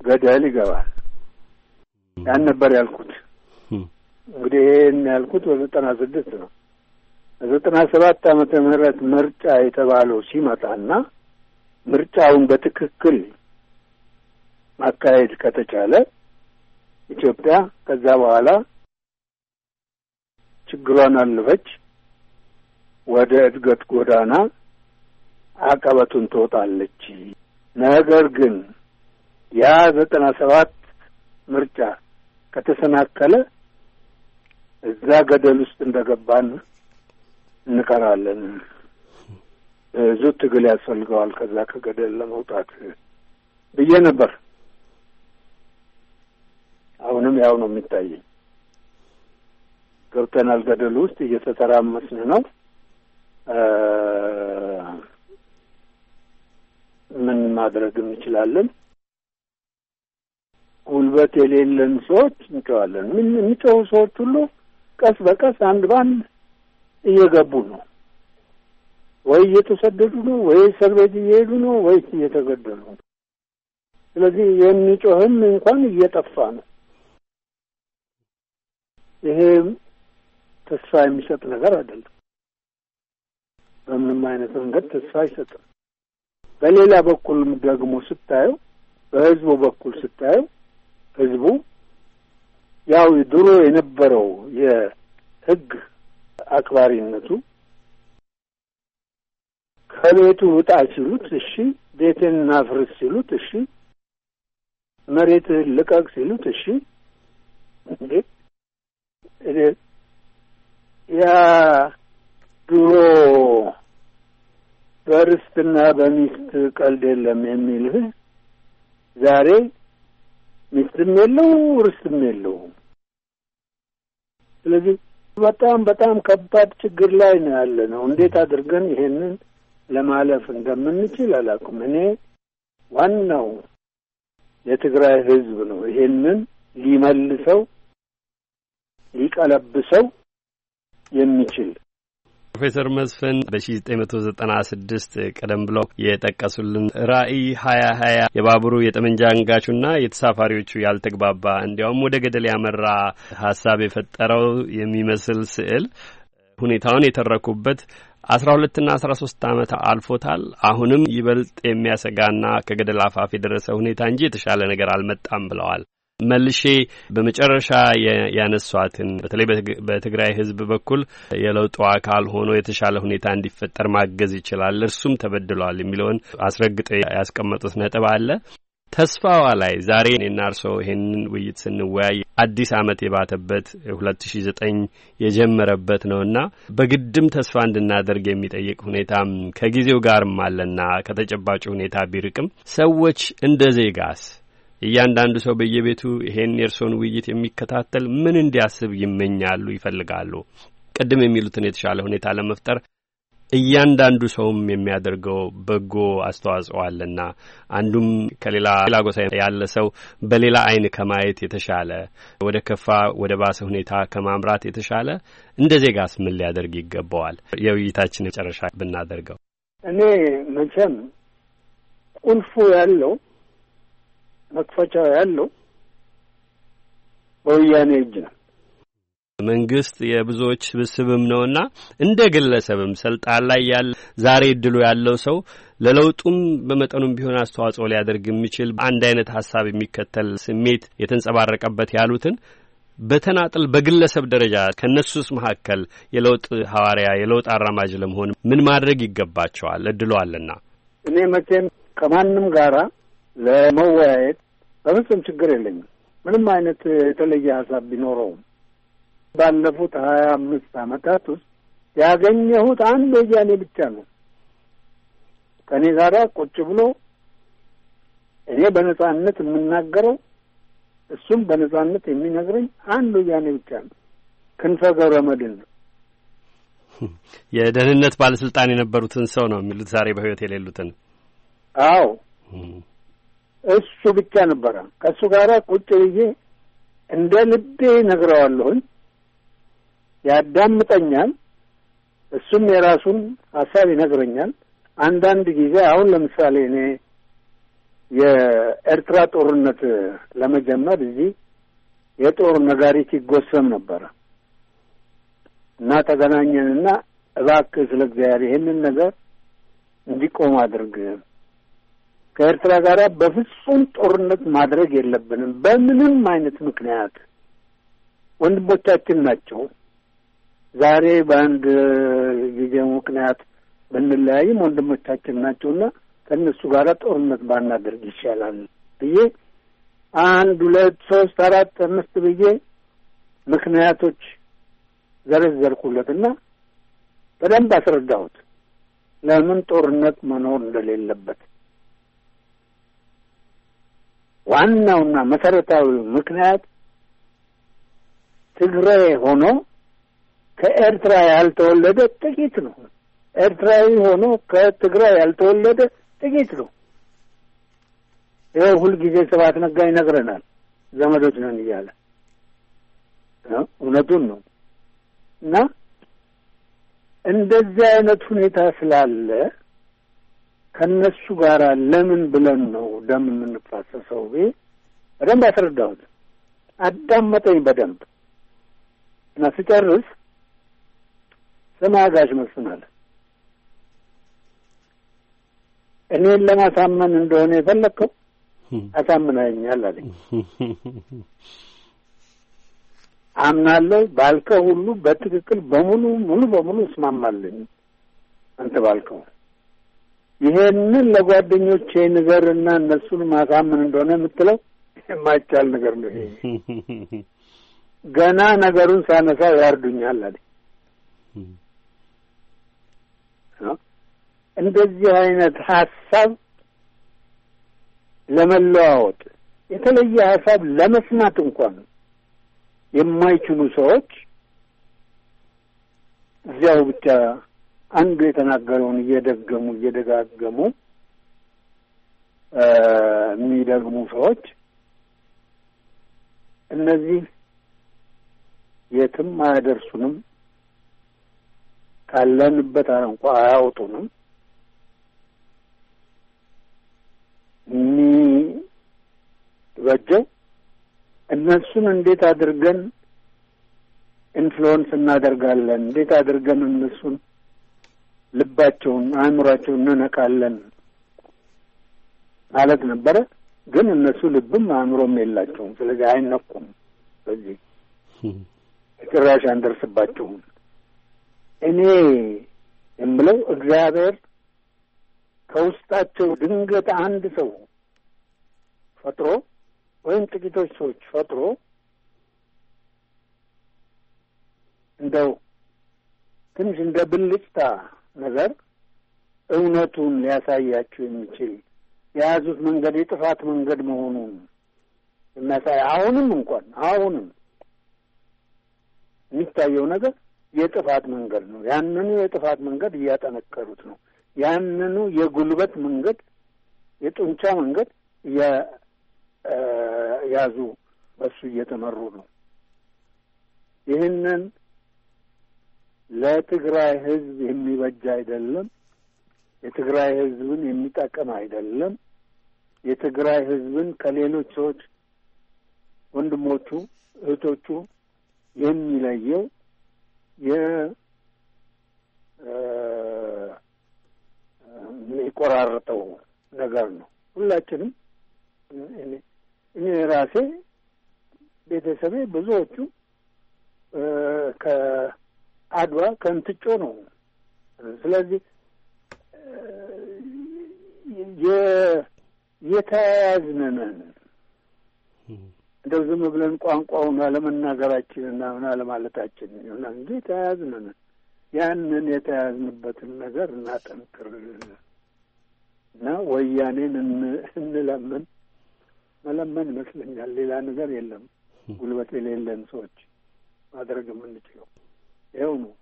ገደል ይገባል። ያን ነበር ያልኩት። እንግዲህ ይሄን ያልኩት በዘጠና ስድስት ነው። በዘጠና ሰባት አመተ ምህረት ምርጫ የተባለው ሲመጣና ምርጫውን በትክክል ማካሄድ ከተቻለ ኢትዮጵያ ከዛ በኋላ ችግሯን አልፈች ወደ እድገት ጎዳና አቀበቱን ትወጣለች። ነገር ግን ያ ዘጠና ሰባት ምርጫ ከተሰናከለ እዛ ገደል ውስጥ እንደገባን እንቀራለን። ብዙ ትግል ያስፈልገዋል ከዛ ከገደል ለመውጣት ብዬ ነበር። አሁንም ያው ነው የሚታየኝ። ገብተናል ገደል ውስጥ እየተተራመስን ነው። ምን ማድረግ እንችላለን? ጉልበት የሌለን ሰዎች እንጨዋለን። ምን የሚጨው ሰዎች ሁሉ ቀስ በቀስ አንድ ባንድ እየገቡ ነው። ወይ እየተሰደዱ ነው፣ ወይ እስር ቤት እየሄዱ ነው፣ ወይ እየተገደሉ ነው። ስለዚህ የሚጮህም እንኳን እየጠፋ ነው። ይሄ ተስፋ የሚሰጥ ነገር አይደለም። በምንም አይነት መንገድ ተስፋ አይሰጥም። በሌላ በኩል ደግሞ ስታየው፣ በህዝቡ በኩል ስታየው ህዝቡ ያው ድሮ የነበረው የህግ አክባሪነቱ ከቤቱ ውጣ ሲሉት እሺ፣ ቤትን ናፍርስ ሲሉት እሺ፣ መሬት ልቀቅ ሲሉት እሺ። ያ ድሮ በርስትና በሚስት ቀልድ የለም የሚልህ ዛሬ ሚስትም የለው ርስትም የለው። ስለዚህ በጣም በጣም ከባድ ችግር ላይ ነው ያለ ነው። እንዴት አድርገን ይሄንን ለማለፍ እንደምንችል አላውቅም። እኔ ዋናው የትግራይ ህዝብ ነው ይሄንን ሊመልሰው ሊቀለብሰው የሚችል ፕሮፌሰር መስፍን በ1996 ቀደም ብለው የጠቀሱልን ራዕይ ሀያ ሀያ የባቡሩ የጠመንጃ አንጋቹና የተሳፋሪዎቹ ያልተግባባ እንዲያውም ወደ ገደል ያመራ ሀሳብ የፈጠረው የሚመስል ስዕል ሁኔታውን የተረኩበት አስራ ሁለትና አስራ ሶስት ዓመት አልፎታል። አሁንም ይበልጥ የሚያሰጋና ከገደል አፋፍ የደረሰ ሁኔታ እንጂ የተሻለ ነገር አልመጣም ብለዋል። መልሼ በመጨረሻ ያነሷትን በተለይ በትግራይ ሕዝብ በኩል የለውጡ አካል ሆኖ የተሻለ ሁኔታ እንዲፈጠር ማገዝ ይችላል፣ እርሱም ተበድሏል የሚለውን አስረግጠው ያስቀመጡት ነጥብ አለ። ተስፋዋ ላይ ዛሬ እኔና እርሶ ይህንን ውይይት ስንወያይ አዲስ ዓመት የባተበት ሁለት ሺ ዘጠኝ የጀመረበት ነውና በግድም ተስፋ እንድናደርግ የሚጠይቅ ሁኔታም ከጊዜው ጋርም አለና ከተጨባጭ ሁኔታ ቢርቅም ሰዎች እንደ ዜጋስ እያንዳንዱ ሰው በየቤቱ ይሄን የእርስዎን ውይይት የሚከታተል ምን እንዲያስብ ይመኛሉ፣ ይፈልጋሉ? ቅድም የሚሉትን የተሻለ ሁኔታ ለመፍጠር እያንዳንዱ ሰውም የሚያደርገው በጎ አስተዋጽኦ አለና አንዱም ከሌላ ሌላ ጎሳ ያለ ሰው በሌላ አይን ከማየት የተሻለ ወደ ከፋ ወደ ባሰ ሁኔታ ከማምራት የተሻለ እንደ ዜጋስ ምን ሊያደርግ ይገባዋል? የውይይታችን መጨረሻ ብናደርገው እኔ መቼም ቁልፉ ያለው መክፈቻ ያለው በወያኔ እጅ ነው። መንግስት የብዙዎች ስብስብም ነውና እንደ ግለሰብም ስልጣን ላይ ያለ ዛሬ እድሉ ያለው ሰው ለለውጡም በመጠኑም ቢሆን አስተዋጽኦ ሊያደርግ የሚችል አንድ አይነት ሀሳብ የሚከተል ስሜት የተንጸባረቀበት ያሉትን በተናጥል በግለሰብ ደረጃ ከእነሱስ መካከል የለውጥ ሐዋርያ የለውጥ አራማጅ ለመሆን ምን ማድረግ ይገባቸዋል? እድሉ አለና እኔ መቼም ከማንም ጋራ ለመወያየት በፍጹም ችግር የለኝም። ምንም አይነት የተለየ ሀሳብ ቢኖረውም ባለፉት ሀያ አምስት አመታት ውስጥ ያገኘሁት አንድ ወያኔ ብቻ ነው ከእኔ ጋር ቁጭ ብሎ እኔ በነጻነት የምናገረው እሱም በነጻነት የሚነግረኝ አንድ ወያኔ ብቻ ነው። ክንፈ ገብረ መድን ነው። የደህንነት ባለስልጣን የነበሩትን ሰው ነው የሚሉት ዛሬ በህይወት የሌሉትን። አዎ እሱ ብቻ ነበረ። ከእሱ ጋር ቁጭ ብዬ እንደ ልቤ ነግረዋለሁኝ፣ ያዳምጠኛል። እሱም የራሱን ሀሳብ ይነግረኛል። አንዳንድ ጊዜ አሁን ለምሳሌ እኔ የኤርትራ ጦርነት ለመጀመር እዚህ የጦር ነጋሪት ይጎሰም ነበረ እና ተገናኘንና እባክህ ስለ እግዚአብሔር ይህንን ነገር እንዲቆም አድርግ ከኤርትራ ጋር በፍጹም ጦርነት ማድረግ የለብንም በምንም አይነት ምክንያት። ወንድሞቻችን ናቸው። ዛሬ በአንድ ጊዜ ምክንያት ብንለያይም ወንድሞቻችን ናቸውና ከእነሱ ጋር ጦርነት ባናደርግ ይሻላል ብዬ አንድ ሁለት ሶስት አራት አምስት ብዬ ምክንያቶች ዘረዘርኩለት እና በደንብ አስረዳሁት ለምን ጦርነት መኖር እንደሌለበት ዋናውና መሰረታዊ ምክንያት ትግራይ ሆኖ ከኤርትራ ያልተወለደ ጥቂት ነው። ኤርትራዊ ሆኖ ከትግራይ ያልተወለደ ጥቂት ነው። ይኸው ሁልጊዜ ስብሐት ነጋ ይነግረናል። ዘመዶች ነን እያለ እውነቱን ነው። እና እንደዚህ አይነት ሁኔታ ስላለ ከነሱ ጋር ለምን ብለን ነው ደም የምንፋሰሰው? ቤ በደንብ አስረዳሁት። አዳመጠኝ በደንብ እና ስጨርስ ስም አጋዥ መስፍን እኔን ለማሳመን እንደሆነ የፈለግከው አሳምናኛል አለኝ። አምናለሁ ባልከው ሁሉ በትክክል በሙሉ ሙሉ በሙሉ እስማማለኝ አንተ ባልከው ይሄንን ለጓደኞቼ እና እነሱን ማሳምን እንደሆነ የምትለው የማይቻል ነገር ነው። ይሄ ገና ነገሩን ሳነሳ ያርዱኛል አለ። እንደዚህ አይነት ሀሳብ ለመለዋወጥ የተለየ ሀሳብ ለመስማት እንኳን የማይችሉ ሰዎች እዚያው ብቻ አንዱ የተናገረውን እየደገሙ እየደጋገሙ የሚደግሙ ሰዎች እነዚህ የትም አያደርሱንም፣ ካለንበት አረንቋ አያወጡንም። የሚበጀው እነሱን እንዴት አድርገን ኢንፍሉወንስ እናደርጋለን፣ እንዴት አድርገን እነሱን ልባቸውን አእምሯቸውን እንነቃለን ማለት ነበረ። ግን እነሱ ልብም አእምሮም የላቸውም። ስለዚህ አይነኩም በዚህ ጭራሽ አንደርስባቸውም። እኔ የምለው እግዚአብሔር ከውስጣቸው ድንገት አንድ ሰው ፈጥሮ ወይም ጥቂቶች ሰዎች ፈጥሮ እንደው ትንሽ እንደ ብልጭታ ነገር እውነቱን ሊያሳያችሁ የሚችል የያዙት መንገድ የጥፋት መንገድ መሆኑን የሚያሳይ አሁንም እንኳን አሁንም የሚታየው ነገር የጥፋት መንገድ ነው። ያንኑ የጥፋት መንገድ እያጠነከሩት ነው። ያንኑ የጉልበት መንገድ፣ የጡንቻ መንገድ እያያዙ በሱ እየተመሩ ነው። ይህንን ለትግራይ ህዝብ የሚበጅ አይደለም። የትግራይ ህዝብን የሚጠቅም አይደለም። የትግራይ ህዝብን ከሌሎች ሰዎች ወንድሞቹ፣ እህቶቹ የሚለየው የሚቆራረጠው ነገር ነው። ሁላችንም እኔ ራሴ ቤተሰቤ ብዙዎቹ አድዋ ከንትጮ ነው። ስለዚህ የተያያዝንነን እንደው ዝም ብለን ቋንቋውን አለመናገራችንና ምን አለማለታችን ይሆናል እንጂ የተያያዝንን ያንን የተያያዝንበትን ነገር እናጠንክር እና ወያኔን እንለምን። መለመን ይመስለኛል። ሌላ ነገር የለም። ጉልበት የሌለን ሰዎች ማድረግ የምንችለው ይኸው ነው።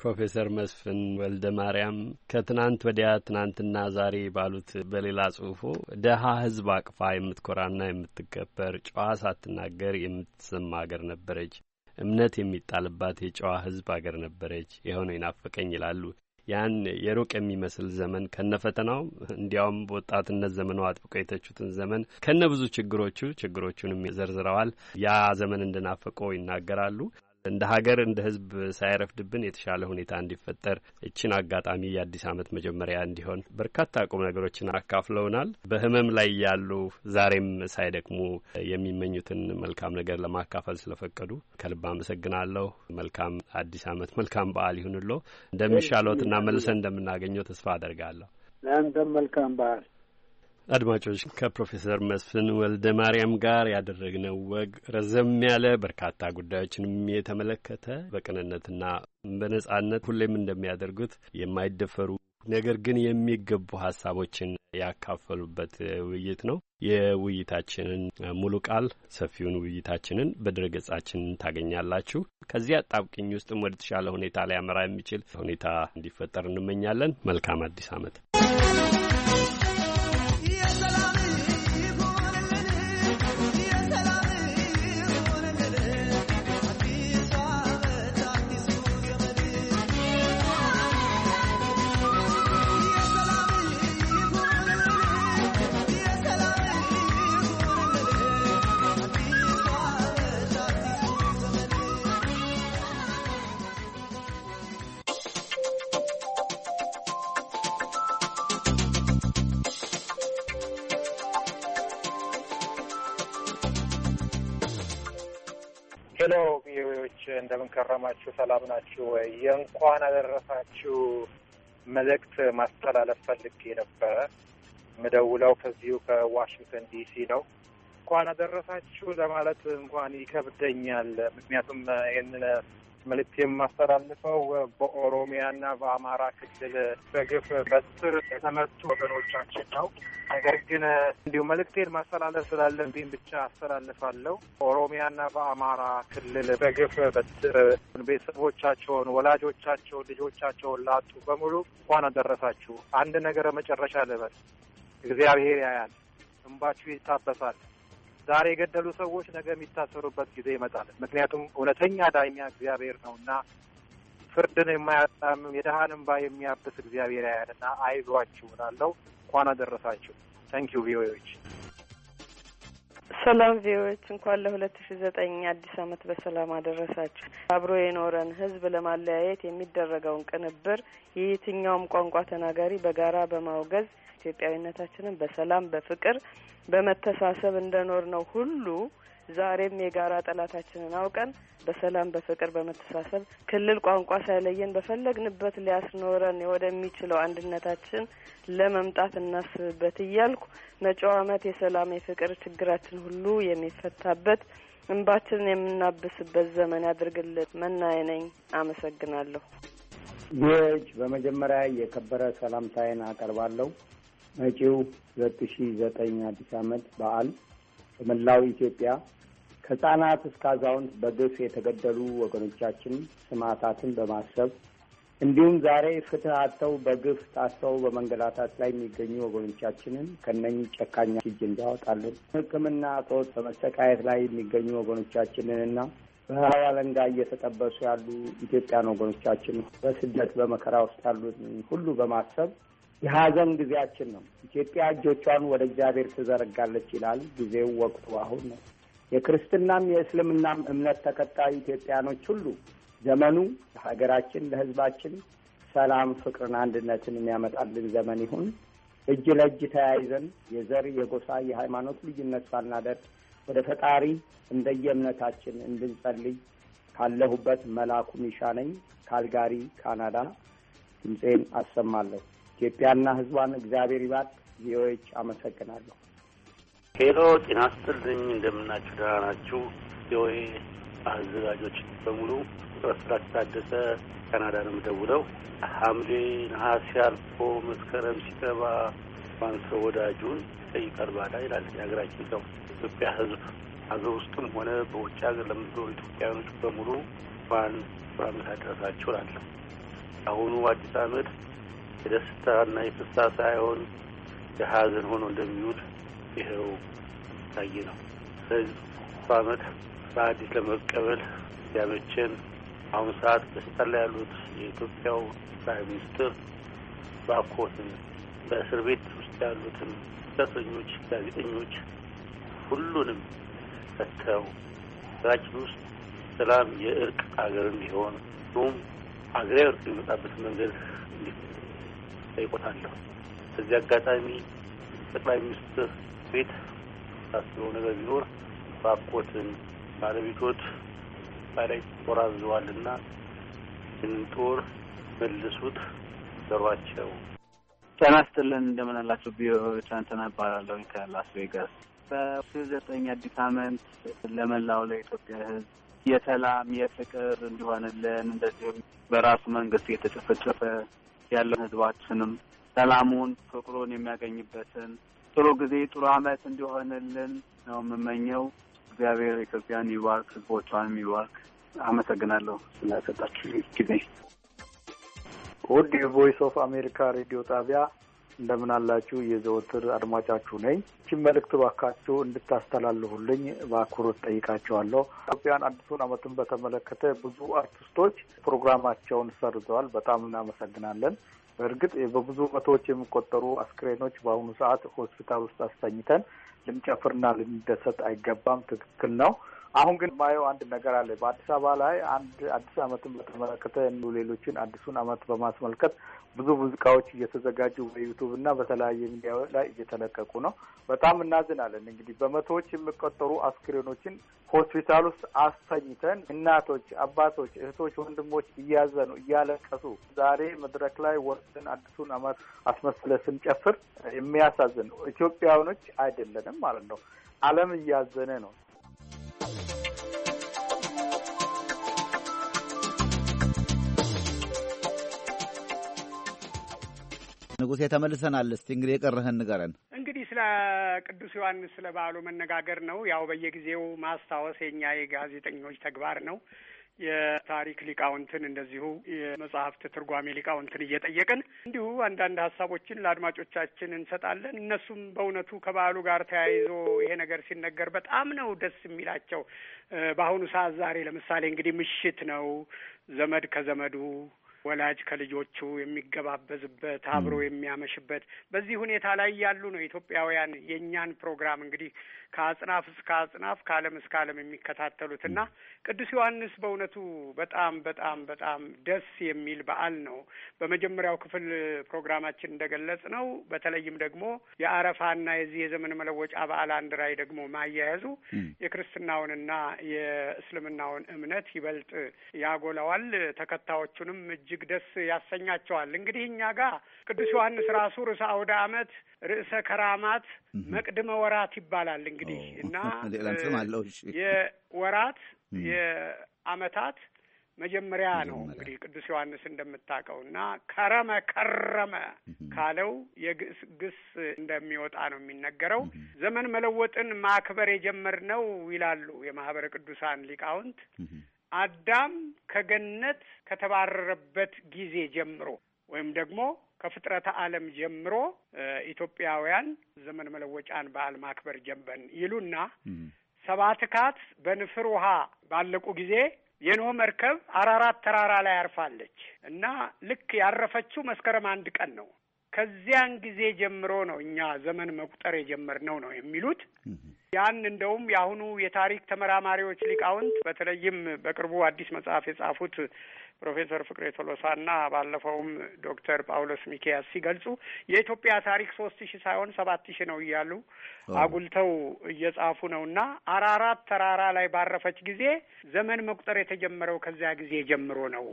ፕሮፌሰር መስፍን ወልደ ማርያም ከትናንት ወዲያ ትናንትና ዛሬ ባሉት በሌላ ጽሁፎ ደሀ ህዝብ አቅፋ የምትኮራና የምትከበር ጨዋ ሳትናገር የምትሰማ አገር ነበረች። እምነት የሚጣልባት የጨዋ ህዝብ አገር ነበረች። የሆነ ይናፈቀኝ ይላሉ። ያን የሩቅ የሚመስል ዘመን ከነፈተናው እንዲያውም በወጣትነት ዘመኑ አጥብቆ የተቹትን ዘመን ከነ ብዙ ችግሮቹ ችግሮቹንም ዘርዝረዋል። ያ ዘመን እንደናፈቀው ይናገራሉ። እንደ ሀገር እንደ ህዝብ ሳይረፍድብን የተሻለ ሁኔታ እንዲፈጠር ይችን አጋጣሚ የአዲስ ዓመት መጀመሪያ እንዲሆን በርካታ ቁም ነገሮችን አካፍለውናል። በህመም ላይ ያሉ ዛሬም ሳይደክሙ የሚመኙትን መልካም ነገር ለማካፈል ስለፈቀዱ ከልብ አመሰግናለሁ። መልካም አዲስ አመት፣ መልካም በዓል ይሁንሎ። እንደሚሻለዎትና መልሰን እንደምናገኘው ተስፋ አደርጋለሁ። ለአንተም መልካም በዓል አድማጮች ከፕሮፌሰር መስፍን ወልደ ማርያም ጋር ያደረግነው ወግ ረዘም ያለ በርካታ ጉዳዮችንም የተመለከተ በቅንነትና በነጻነት ሁሌም እንደሚያደርጉት የማይደፈሩ ነገር ግን የሚገቡ ሀሳቦችን ያካፈሉበት ውይይት ነው። የውይይታችንን ሙሉ ቃል ሰፊውን ውይይታችንን በድረገጻችን ታገኛላችሁ። ከዚያ ጣብቅኝ ውስጥም ወደ ተሻለ ሁኔታ ሊያመራ የሚችል ሁኔታ እንዲፈጠር እንመኛለን። መልካም አዲስ ዓመት። እንደምን ከረማችሁ፣ ሰላም ናችሁ ወይ? የእንኳን አደረሳችሁ መልእክት ማስተላለፍ ፈልጌ ነበረ። ምደውለው ከዚሁ ከዋሽንግተን ዲሲ ነው። እንኳን አደረሳችሁ ለማለት እንኳን ይከብደኛል። ምክንያቱም ይህንን መልእክት የማስተላልፈው በኦሮሚያና በአማራ ክልል በግፍ በስር የተመቱ ወገኖቻችን ነው። ነገር ግን እንዲሁ መልእክቴን ማስተላለፍ ስላለብኝ ብቻ አስተላልፋለሁ። ኦሮሚያና በአማራ ክልል በግፍ በስር ቤተሰቦቻቸውን፣ ወላጆቻቸውን፣ ልጆቻቸውን ላጡ በሙሉ እንኳን አደረሳችሁ። አንድ ነገር መጨረሻ ልበል። እግዚአብሔር ያያል፣ እንባችሁ ይታበሳል። ዛሬ የገደሉ ሰዎች ነገ የሚታሰሩበት ጊዜ ይመጣል። ምክንያቱም እውነተኛ ዳኛ እግዚአብሔር ነውና ፍርድን የማያጣምም የድሃን እንባ የሚያብስ እግዚአብሔር ያያልና አይዟችሁ እላለሁ። እንኳን አደረሳችሁ። ታንኪዩ ቪኦኤዎች ሰላም ቪዎች እንኳን ለሁለት ሺ ዘጠኝ አዲስ ዓመት በሰላም አደረሳችሁ። አብሮ የኖረን ህዝብ ለማለያየት የሚደረገውን ቅንብር የየትኛውም ቋንቋ ተናጋሪ በጋራ በማውገዝ ኢትዮጵያዊነታችንን በሰላም በፍቅር፣ በመተሳሰብ እንደኖር ነው ሁሉ ዛሬም የጋራ ጠላታችንን አውቀን በሰላም በፍቅር በመተሳሰብ ክልል ቋንቋ ሳይለየን በፈለግንበት ሊያስኖረን ወደሚችለው አንድነታችን ለመምጣት እናስብበት እያልኩ መጪው ዓመት የሰላም የፍቅር ችግራችን ሁሉ የሚፈታበት እንባችንን የምናብስበት ዘመን ያድርግልን። መናይ ነኝ። አመሰግናለሁ። ይች በመጀመሪያ የከበረ ሰላምታዬን አቀርባለሁ። መጪው ሁለት ሺ ዘጠኝ አዲስ ዓመት በዓል በመላው ኢትዮጵያ ከህጻናት እስከ አዛውንት በግፍ የተገደሉ ወገኖቻችን ስማታትን በማሰብ እንዲሁም ዛሬ ፍትህ አጥተው በግፍ ታስረው በመንገላታት ላይ የሚገኙ ወገኖቻችንን ከነኚህ ጨካኛ እጅ እንዳወጣለን ሕክምና እጦት በመሰቃየት ላይ የሚገኙ ወገኖቻችንንና በረሃብ አለንጋ እየተጠበሱ ያሉ ኢትዮጵያን ወገኖቻችን በስደት በመከራ ውስጥ ያሉትን ሁሉ በማሰብ የሀዘን ጊዜያችን ነው። ኢትዮጵያ እጆቿን ወደ እግዚአብሔር ትዘረጋለች ይላል። ጊዜው ወቅቱ አሁን ነው። የክርስትናም የእስልምናም እምነት ተከታይ ኢትዮጵያኖች ሁሉ ዘመኑ ለሀገራችን፣ ለሕዝባችን ሰላም፣ ፍቅርን፣ አንድነትን የሚያመጣልን ዘመን ይሁን። እጅ ለእጅ ተያይዘን የዘር፣ የጎሳ፣ የሃይማኖት ልዩነት ሳናደርግ ወደ ፈጣሪ እንደየእምነታችን እንድንጸልይ ካለሁበት መላኩ ሚሻ ነኝ ካልጋሪ ካናዳ ድምፄን አሰማለሁ። ኢትዮጵያና ሕዝቧን እግዚአብሔር ይባርክ። ቪኦኤዎች አመሰግናለሁ። ሄሎ ጤና ስጥልኝ፣ እንደምናችሁ ደህና ናችሁ? ቪኦኤ አዘጋጆች በሙሉ ስራት ታደሰ ካናዳ ነው የምደውለው። ሀምሌ ነሐሴ አልፎ መስከረም ሲገባ ማንሰው ወዳጁን ይጠይቃል ባዳ ይላል የሀገራችን ሰው። ኢትዮጵያ ህዝብ ሀገር ውስጥም ሆነ በውጭ ሀገር ለምትኖሩ ኢትዮጵያውያኖች በሙሉ ባን በዓመት አደረሳችሁ ላለ አሁኑ አዲስ ዓመት የደስታና የፍሳ ሳይሆን የሀዘን ሆኖ እንደሚውል ይኸው ታይ ነው። ስለዚህ አመት በአዲስ ለመቀበል ያመቸን አሁን ሰዓት በስልጣን ላይ ያሉት የኢትዮጵያው ጠቅላይ ሚኒስትር ባኮትን በእስር ቤት ውስጥ ያሉትን ጋዜጠኞች፣ ጋዜጠኞች ሁሉንም ፈተው ሀገራችን ውስጥ ሰላም የእርቅ አገር እንዲሆን ሁሉም ሀገራዊ እርቅ የሚመጣበት መንገድ እንዲጠይቆታለሁ። በዚህ አጋጣሚ ጠቅላይ ሚኒስትር ቤት ታስበው ነገር ቢኖር ባኮትን ባለቤቶት ባላይ ጦር አዘዋልና ይህንን ጦር መልሱት ዘሯቸው። ጤና ይስጥልን አላችሁ? ቢሮዎች አንተነህ እባላለሁ ከላስ ቬጋስ። በሺ ዘጠኝ አዲስ አመት ለመላው ለኢትዮጵያ ህዝብ የሰላም የፍቅር እንዲሆንልን እንደዚሁም በራሱ መንግስት እየተጨፈጨፈ ያለው ህዝባችንም ሰላሙን ፍቅሩን የሚያገኝበትን ጥሩ ጊዜ ጥሩ አመት እንዲሆንልን ነው የምመኘው። እግዚአብሔር ኢትዮጵያን ይባርክ፣ ህዝቦቿንም ይባርክ። አመሰግናለሁ ስለሰጣችሁ ጊዜ። ውድ የቮይስ ኦፍ አሜሪካ ሬዲዮ ጣቢያ እንደምን አላችሁ? የዘወትር አድማጫችሁ ነኝ። ይህችን መልእክት ባካችሁ እንድታስተላልፉልኝ በአክብሮት ጠይቃችኋለሁ። ኢትዮጵያን አዲሱን አመትን በተመለከተ ብዙ አርቲስቶች ፕሮግራማቸውን ሰርዘዋል። በጣም እናመሰግናለን። በእርግጥ በብዙ መቶዎች የሚቆጠሩ አስክሬኖች በአሁኑ ሰዓት ሆስፒታል ውስጥ አስተኝተን ልንጨፍርና ልንደሰት አይገባም። ትክክል ነው። አሁን ግን ማየው አንድ ነገር አለ። በአዲስ አበባ ላይ አንድ አዲስ ዓመትን በተመለከተ ሌሎችን አዲሱን ዓመት በማስመልከት ብዙ ሙዚቃዎች እየተዘጋጁ በዩቱብ እና በተለያየ ሚዲያ ላይ እየተለቀቁ ነው። በጣም እናዝናለን። እንግዲህ በመቶዎች የሚቆጠሩ አስክሬኖችን ሆስፒታል ውስጥ አስተኝተን እናቶች፣ አባቶች፣ እህቶች፣ ወንድሞች እያዘኑ እያለቀሱ ዛሬ መድረክ ላይ ወጥተን አዲሱን ዓመት አስመስለ ስንጨፍር የሚያሳዝን ኢትዮጵያውኖች አይደለንም ማለት ነው። ዓለም እያዘነ ነው። ንጉሴ ተመልሰናል። እስቲ እንግዲህ የቀረህን ንገረን። እንግዲህ ስለ ቅዱስ ዮሐንስ ስለ በዓሉ መነጋገር ነው። ያው በየጊዜው ማስታወስ የኛ የጋዜጠኞች ተግባር ነው። የታሪክ ሊቃውንትን እንደዚሁ የመጽሐፍት ትርጓሜ ሊቃውንትን እየጠየቅን እንዲሁ አንዳንድ ሀሳቦችን ለአድማጮቻችን እንሰጣለን። እነሱም በእውነቱ ከበዓሉ ጋር ተያይዞ ይሄ ነገር ሲነገር በጣም ነው ደስ የሚላቸው። በአሁኑ ሰዓት ዛሬ ለምሳሌ እንግዲህ ምሽት ነው። ዘመድ ከዘመዱ ወላጅ ከልጆቹ የሚገባበዝበት አብሮ የሚያመሽበት በዚህ ሁኔታ ላይ ያሉ ነው ኢትዮጵያውያን። የእኛን ፕሮግራም እንግዲህ ከአጽናፍ እስከ አጽናፍ ከዓለም እስከ ዓለም የሚከታተሉትና ቅዱስ ዮሐንስ በእውነቱ በጣም በጣም በጣም ደስ የሚል በዓል ነው። በመጀመሪያው ክፍል ፕሮግራማችን እንደገለጽ ነው። በተለይም ደግሞ የአረፋና የዚህ የዘመን መለወጫ በዓል አንድ ራይ ደግሞ ማያያዙ የክርስትናውንና የእስልምናውን እምነት ይበልጥ ያጎላዋል። ተከታዮቹንም እጅግ ደስ ያሰኛቸዋል። እንግዲህ እኛ ጋር ቅዱስ ዮሐንስ ራሱ ርዕሰ አውደ ዓመት፣ ርዕሰ ከራማት፣ መቅድመ ወራት ይባላል። እንግዲህ እና የወራት የአመታት መጀመሪያ ነው እንግዲህ ቅዱስ ዮሐንስ እንደምታውቀው እና ከረመ ከረመ ካለው የግስ ግስ እንደሚወጣ ነው የሚነገረው። ዘመን መለወጥን ማክበር የጀመርነው ይላሉ የማህበረ ቅዱሳን ሊቃውንት አዳም ከገነት ከተባረረበት ጊዜ ጀምሮ ወይም ደግሞ ከፍጥረተ ዓለም ጀምሮ ኢትዮጵያውያን ዘመን መለወጫን በዓል ማክበር ጀመን ይሉና ሰባትካት በንፍር ውሃ ባለቁ ጊዜ የኖህ መርከብ አራራት ተራራ ላይ ያርፋለች እና ልክ ያረፈችው መስከረም አንድ ቀን ነው። ከዚያን ጊዜ ጀምሮ ነው እኛ ዘመን መቁጠር የጀመርነው ነው የሚሉት። ያን እንደውም የአሁኑ የታሪክ ተመራማሪዎች ሊቃውንት፣ በተለይም በቅርቡ አዲስ መጽሐፍ የጻፉት ፕሮፌሰር ፍቅሬ ቶሎሳና ባለፈውም ዶክተር ጳውሎስ ሚኪያስ ሲገልጹ የኢትዮጵያ ታሪክ ሶስት ሺህ ሳይሆን ሰባት ሺህ ነው እያሉ አጉልተው እየጻፉ ነው እና አራራት ተራራ ላይ ባረፈች ጊዜ ዘመን መቁጠር የተጀመረው ከዚያ ጊዜ ጀምሮ ነው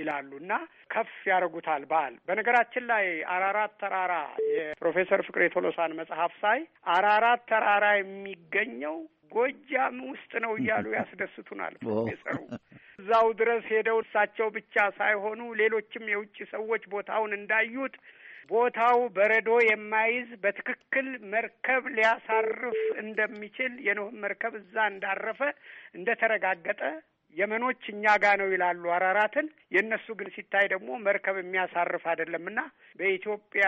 ይላሉ እና ከፍ ያደርጉታል በዓል። በነገራችን ላይ አራራት ተራራ የፕሮፌሰር ፍቅሬ ቶሎሳን መጽሐፍ ሳይ አራራት ተራራ የሚገኘው ጎጃም ውስጥ ነው እያሉ ያስደስቱናል ፕሮፌሰሩ። እዛው ድረስ ሄደው እሳቸው ብቻ ሳይሆኑ ሌሎችም የውጭ ሰዎች ቦታውን እንዳዩት ቦታው በረዶ የማይዝ በትክክል መርከብ ሊያሳርፍ እንደሚችል የኖህ መርከብ እዛ እንዳረፈ እንደተረጋገጠ የመኖች እኛ ጋ ነው ይላሉ አራራትን። የእነሱ ግን ሲታይ ደግሞ መርከብ የሚያሳርፍ አይደለምና በኢትዮጵያ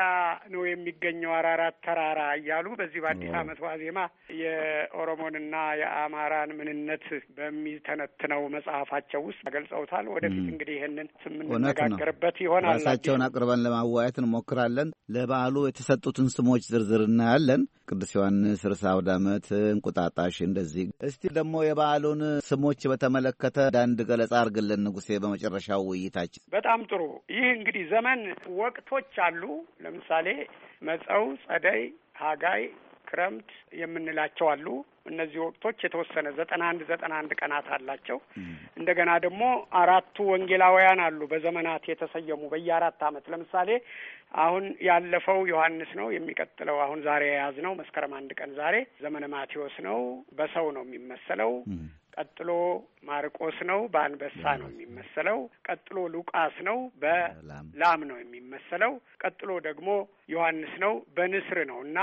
ነው የሚገኘው አራራት ተራራ እያሉ በዚህ በአዲስ አመት ዋዜማ የኦሮሞንና የአማራን ምንነት በሚተነትነው መጽሐፋቸው ውስጥ ገልጸውታል። ወደፊት እንግዲህ ይህንን የምንነጋገርበት ይሆናል። ራሳቸውን አቅርበን ለማዋየት እንሞክራለን። ለበዓሉ የተሰጡትን ስሞች ዝርዝር እናያለን። ቅዱስ ዮሐንስ፣ ርዕሰ አውደ ዓመት፣ እንቁጣጣሽ እንደዚህ። እስቲ ደግሞ የበዓሉን ስሞች በተመለከተ በተመለከተ አንድ ገለጻ አድርግልን ንጉሴ፣ በመጨረሻው ውይይታችን። በጣም ጥሩ። ይህ እንግዲህ ዘመን ወቅቶች አሉ። ለምሳሌ መጸው፣ ጸደይ፣ ሀጋይ ክረምት የምንላቸው አሉ። እነዚህ ወቅቶች የተወሰነ ዘጠና አንድ ዘጠና አንድ ቀናት አላቸው። እንደገና ደግሞ አራቱ ወንጌላውያን አሉ በዘመናት የተሰየሙ በየአራት ዓመት ለምሳሌ አሁን ያለፈው ዮሐንስ ነው። የሚቀጥለው አሁን ዛሬ የያዝ ነው መስከረም አንድ ቀን ዛሬ ዘመነ ማቴዎስ ነው። በሰው ነው የሚመሰለው። ቀጥሎ ማርቆስ ነው፣ በአንበሳ ነው የሚመሰለው። ቀጥሎ ሉቃስ ነው፣ በላም ነው የሚመሰለው። ቀጥሎ ደግሞ ዮሐንስ ነው፣ በንስር ነው እና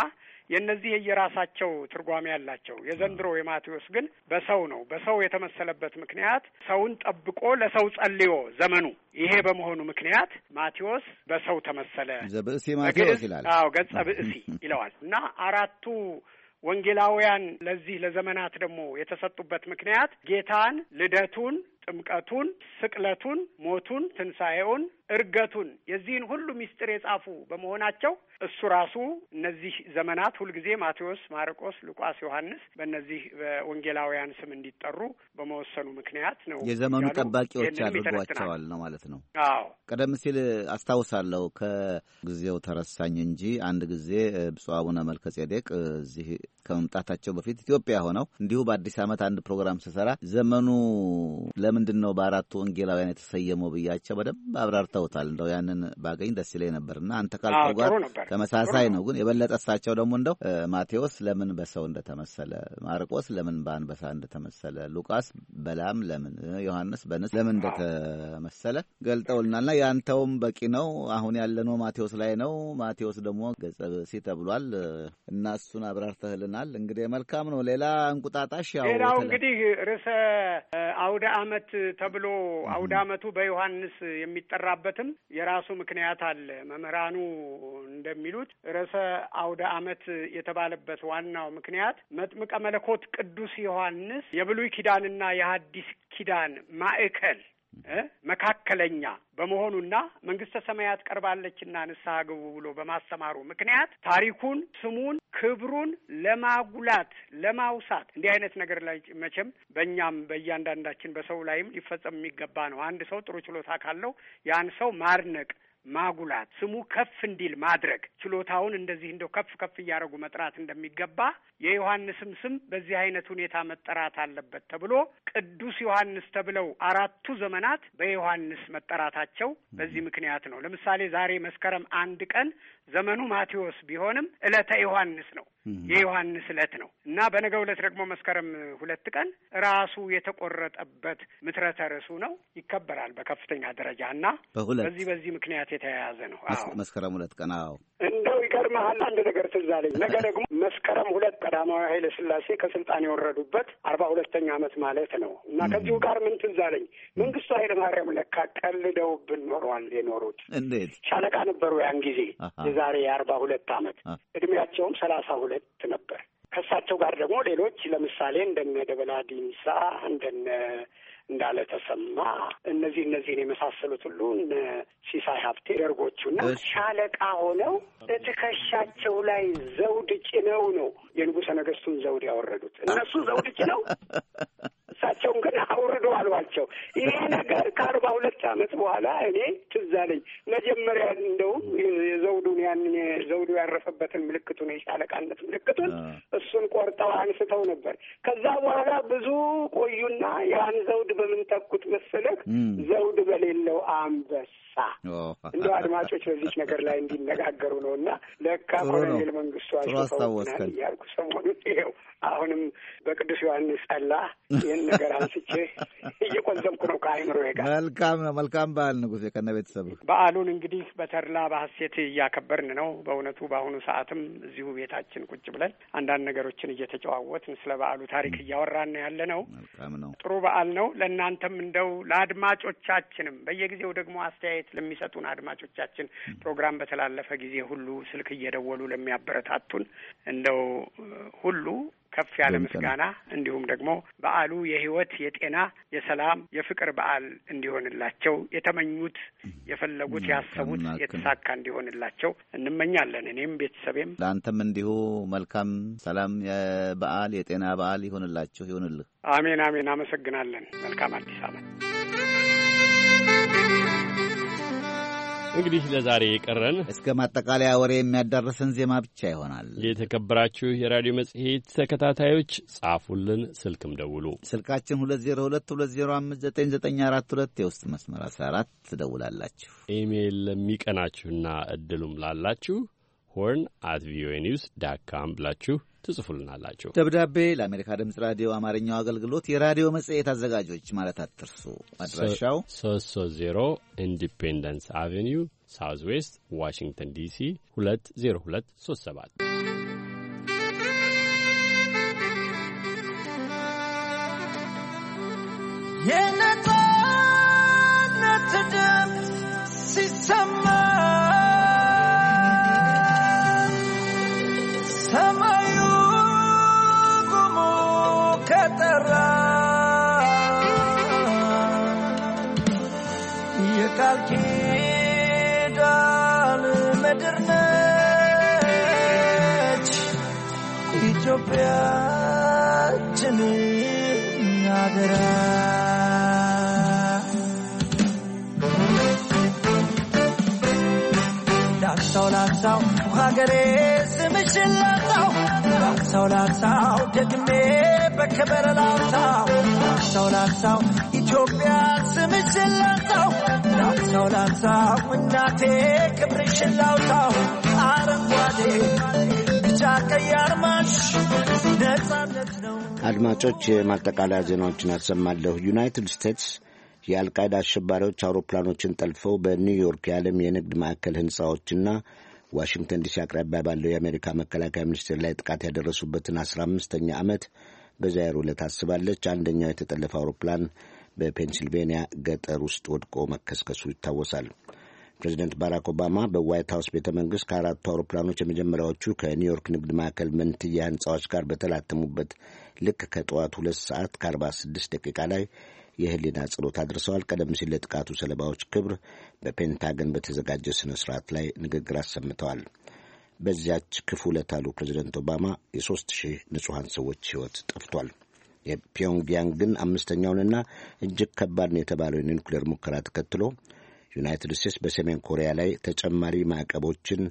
የእነዚህ የየራሳቸው ትርጓሜ ያላቸው። የዘንድሮ የማቴዎስ ግን በሰው ነው። በሰው የተመሰለበት ምክንያት ሰውን ጠብቆ ለሰው ጸልዮ ዘመኑ ይሄ በመሆኑ ምክንያት ማቴዎስ በሰው ተመሰለ። ዘብእሲ ማቴዎስ ይላል። አዎ ገጸ ብእሲ ይለዋል እና አራቱ ወንጌላውያን ለዚህ ለዘመናት ደግሞ የተሰጡበት ምክንያት ጌታን ልደቱን ጥምቀቱን፣ ስቅለቱን፣ ሞቱን፣ ትንሣኤውን እርገቱን የዚህን ሁሉ ሚስጥር የጻፉ በመሆናቸው እሱ ራሱ እነዚህ ዘመናት ሁልጊዜ ማቴዎስ፣ ማርቆስ፣ ሉቃስ፣ ዮሐንስ በእነዚህ በወንጌላውያን ስም እንዲጠሩ በመወሰኑ ምክንያት ነው። የዘመኑ ጠባቂዎች አድርጓቸዋል ነው ማለት ነው። አዎ ቀደም ሲል አስታውሳለሁ ከጊዜው ተረሳኝ እንጂ አንድ ጊዜ ብፁዕ አቡነ መልከ ጼዴቅ እዚህ ከመምጣታቸው በፊት ኢትዮጵያ ሆነው እንዲሁ በአዲስ ዓመት አንድ ፕሮግራም ስሰራ ዘመኑ ለምንድን ነው በአራቱ ወንጌላውያን የተሰየመው ብያቸው በደንብ አብራርተው ሰርተውታል። እንደው ያንን ባገኝ ደስ ይለኝ ነበርና አንተ ካልከው ጋር ተመሳሳይ ነው። ግን የበለጠ እሳቸው ደግሞ እንደው ማቴዎስ ለምን በሰው እንደተመሰለ፣ ማርቆስ ለምን በአንበሳ እንደተመሰለ፣ ሉቃስ በላም ለምን፣ ዮሐንስ በንስ ለምን እንደተመሰለ ገልጠውልናልና ያንተውም በቂ ነው። አሁን ያለነው ማቴዎስ ላይ ነው። ማቴዎስ ደግሞ ገጸ ብእሲ ተብሏል እና እሱን አብራርተህልናል። እንግዲህ መልካም ነው። ሌላ እንቁጣጣሽ ያው ሌላው እንግዲህ ርዕሰ አውደ አመት ተብሎ አውደ አመቱ በዮሐንስ የሚጠራ የወጣበትም የራሱ ምክንያት አለ። መምህራኑ እንደሚሉት ርዕሰ አውደ ዓመት የተባለበት ዋናው ምክንያት መጥምቀ መለኮት ቅዱስ ዮሐንስ የብሉይ ኪዳንና የሐዲስ ኪዳን ማዕከል መካከለኛ በመሆኑና መንግስተ ሰማያት ቀርባለችና ንስሐ ግቡ ብሎ በማስተማሩ ምክንያት ታሪኩን፣ ስሙን፣ ክብሩን ለማጉላት ለማውሳት እንዲህ አይነት ነገር ላይ መቼም በእኛም በእያንዳንዳችን በሰው ላይም ሊፈጸም የሚገባ ነው። አንድ ሰው ጥሩ ችሎታ ካለው ያን ሰው ማድነቅ ማጉላት፣ ስሙ ከፍ እንዲል ማድረግ ችሎታውን እንደዚህ እንደው ከፍ ከፍ እያደረጉ መጥራት እንደሚገባ የዮሐንስም ስም በዚህ አይነት ሁኔታ መጠራት አለበት ተብሎ ቅዱስ ዮሐንስ ተብለው አራቱ ዘመናት በዮሐንስ መጠራታቸው በዚህ ምክንያት ነው። ለምሳሌ ዛሬ መስከረም አንድ ቀን ዘመኑ ማቴዎስ ቢሆንም ዕለተ ዮሐንስ ነው። የዮሐንስ ዕለት ነው እና በነገ ዕለት ደግሞ መስከረም ሁለት ቀን ራሱ የተቆረጠበት ምትረተ ርሱ ነው ይከበራል በከፍተኛ ደረጃ እና በዚህ በዚህ ምክንያት የተያያዘ ነው። መስከረም ሁለት ቀን አዎ፣ እንደው ይገርመሃል አንድ ነገር ትዝ አለኝ። ነገ ደግሞ መስከረም ሁለት ቀዳማዊ ኃይለ ሥላሴ ከስልጣን የወረዱበት አርባ ሁለተኛ ዓመት ማለት ነው እና ከዚሁ ጋር ምን ትዝ አለኝ፣ መንግስቱ ኃይለ ማርያም ለካ ቀልደውብን ኖሯል የኖሩት እንዴት ሻለቃ ነበሩ ያን ጊዜ የዛሬ የአርባ ሁለት አመት እድሜያቸውም ሰላሳ ሁለት ነበር። ከእሳቸው ጋር ደግሞ ሌሎች ለምሳሌ እንደነ ደበላ ዲንሳ እንደነ እንዳለ ተሰማ እነዚህ እነዚህን የመሳሰሉት ሁሉ ሲሳይ ሀብቴ ደርጎቹና ሻለቃ ሆነው እትከሻቸው ላይ ዘውድ ጭነው ነው የንጉሠ ነገሥቱን ዘውድ ያወረዱት። እነሱ ዘውድ ጭነው እሳቸውን ግን አውርዶ አሏቸው። ይሄ ነገር ከአርባ ሁለት አመት በኋላ እኔ ትዝ አለኝ። መጀመሪያ እንደውም የዘውዱን ያንን የዘውዱ ያረፈበትን ምልክቱን የሻለቃነት ምልክቱን እሱን ቆርጠው አንስተው ነበር። ከዛ በኋላ ብዙ ቆዩና ያን ዘውድ በምንተኩት መሰለህ ዘውድ በሌለው አንበሳ እንደ አድማጮች በዚች ነገር ላይ እንዲነጋገሩ ነው። እና ለካ ኮሎኔል መንግስቱ አሸፈውናል እያልኩ ሰሞኑን ይኸው አሁንም በቅዱስ ዮሐንስ ጠላ ይህን ነገር አንስቼ እየቆዘምኩ ነው ከአይምሮ ጋር። መልካም ነው። መልካም በዓል ንጉሴ ከነ ቤተሰቡ። በዓሉን እንግዲህ በተድላ በሀሴት እያከበርን ነው። በእውነቱ በአሁኑ ሰዓትም እዚሁ ቤታችን ቁጭ ብለን አንዳንድ ነገሮችን እየተጨዋወትን ስለ በዓሉ ታሪክ እያወራን ያለ ነው። መልካም ነው። ጥሩ በዓል ነው። ለእናንተም እንደው ለአድማጮቻችንም በየጊዜው ደግሞ አስተያየት ለሚሰጡን አድማጮቻችን ፕሮግራም በተላለፈ ጊዜ ሁሉ ስልክ እየደወሉ ለሚያበረታቱን እንደው ሁሉ ከፍ ያለ ምስጋና እንዲሁም ደግሞ በዓሉ የህይወት፣ የጤና፣ የሰላም፣ የፍቅር በዓል እንዲሆንላቸው የተመኙት፣ የፈለጉት፣ ያሰቡት የተሳካ እንዲሆንላቸው እንመኛለን። እኔም ቤተሰቤም ለአንተም እንዲሁ መልካም ሰላም በዓል የጤና በዓል ይሆንላችሁ ይሆንልህ። አሜን አሜን። አመሰግናለን። መልካም አዲስ ዓመት እንግዲህ ለዛሬ የቀረን እስከ ማጠቃለያ ወሬ የሚያዳርሰን ዜማ ብቻ ይሆናል። የተከበራችሁ የራዲዮ መጽሔት ተከታታዮች ጻፉልን፣ ስልክም ደውሉ። ስልካችን 2022059942 የውስጥ መስመር 14 ትደውላላችሁ። ኢሜይል ለሚቀናችሁና እድሉም ላላችሁ ሆርን አት ቪኦኤ ኒውስ ዳት ካም ብላችሁ ትጽፉልናላችሁ። ደብዳቤ ለአሜሪካ ድምጽ ራዲዮ አማርኛው አገልግሎት የራዲዮ መጽሔት አዘጋጆች ማለት አትርሱ። አድራሻው 330 ኢንዲፔንደንስ አቬኒው ሳውዝ ዌስት ዋሽንግተን ዲሲ 20237። Yeah, no! ኢትዮጵያችን አገራ ላክሳው ላክሳው ሀገሬ ስምሽን ላጣው ላክሳው ላክሳው ደግሜ በከበረ ላውታው ላክሳው ላክሳው ኢትዮጵያ ስምሽን ላጣው ላክሳው ላክሳው እናቴ ክብርሽን ላውታው አረንጓዴ አድማጮች የማጠቃለያ ዜናዎችን አሰማለሁ። ዩናይትድ ስቴትስ የአልቃይዳ አሸባሪዎች አውሮፕላኖችን ጠልፈው በኒውዮርክ የዓለም የንግድ ማዕከል ህንፃዎችና ዋሽንግተን ዲሲ አቅራቢያ ባለው የአሜሪካ መከላከያ ሚኒስቴር ላይ ጥቃት ያደረሱበትን አስራ አምስተኛ ዓመት በዛሬው ዕለት አስባለች። አንደኛው የተጠለፈ አውሮፕላን በፔንሲልቬንያ ገጠር ውስጥ ወድቆ መከስከሱ ይታወሳል። ፕሬዚደንት ባራክ ኦባማ በዋይት ሀውስ ቤተ መንግሥት ከአራቱ አውሮፕላኖች የመጀመሪያዎቹ ከኒውዮርክ ንግድ ማዕከል መንትያ ህንፃዎች ጋር በተላተሙበት ልክ ከጠዋት ሁለት ሰዓት ከ46 ደቂቃ ላይ የህሊና ጸሎት አድርሰዋል። ቀደም ሲል ለጥቃቱ ሰለባዎች ክብር በፔንታገን በተዘጋጀ ስነ ስርዓት ላይ ንግግር አሰምተዋል። በዚያች ክፉ ዕለት አሉ ፕሬዚደንት ኦባማ የሶስት ሺህ ንጹሐን ሰዎች ህይወት ጠፍቷል። የፒዮንግያንግን አምስተኛውንና እጅግ ከባድ ነው የተባለውን የኒኩሌር ሙከራ ተከትሎ ዩናይትድ ስቴትስ በሰሜን ኮሪያ ላይ ተጨማሪ ማዕቀቦችን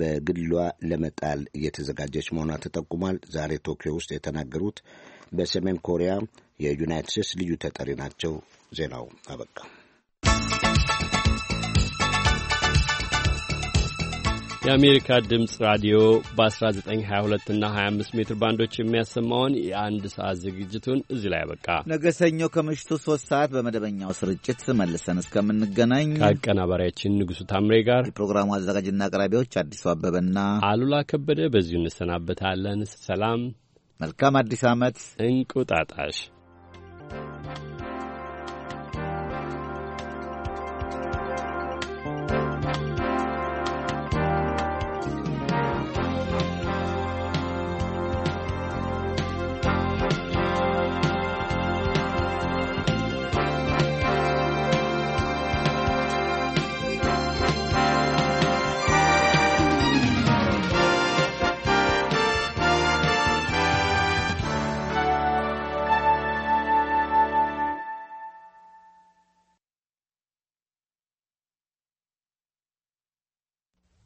በግሏ ለመጣል እየተዘጋጀች መሆኗ ተጠቁሟል። ዛሬ ቶኪዮ ውስጥ የተናገሩት በሰሜን ኮሪያ የዩናይትድ ስቴትስ ልዩ ተጠሪ ናቸው። ዜናው አበቃ። የአሜሪካ ድምፅ ራዲዮ በ1922 እና 25 ሜትር ባንዶች የሚያሰማውን የአንድ ሰዓት ዝግጅቱን እዚህ ላይ ያበቃ። ነገ ሰኞ ከምሽቱ ሶስት ሰዓት በመደበኛው ስርጭት መልሰን እስከምንገናኝ ከአቀናባሪያችን ንጉሡ ታምሬ ጋር የፕሮግራሙ አዘጋጅና አቅራቢዎች አዲሱ አበበና አሉላ ከበደ በዚሁ እንሰናበታለን። ሰላም፣ መልካም አዲስ ዓመት እንቁጣጣሽ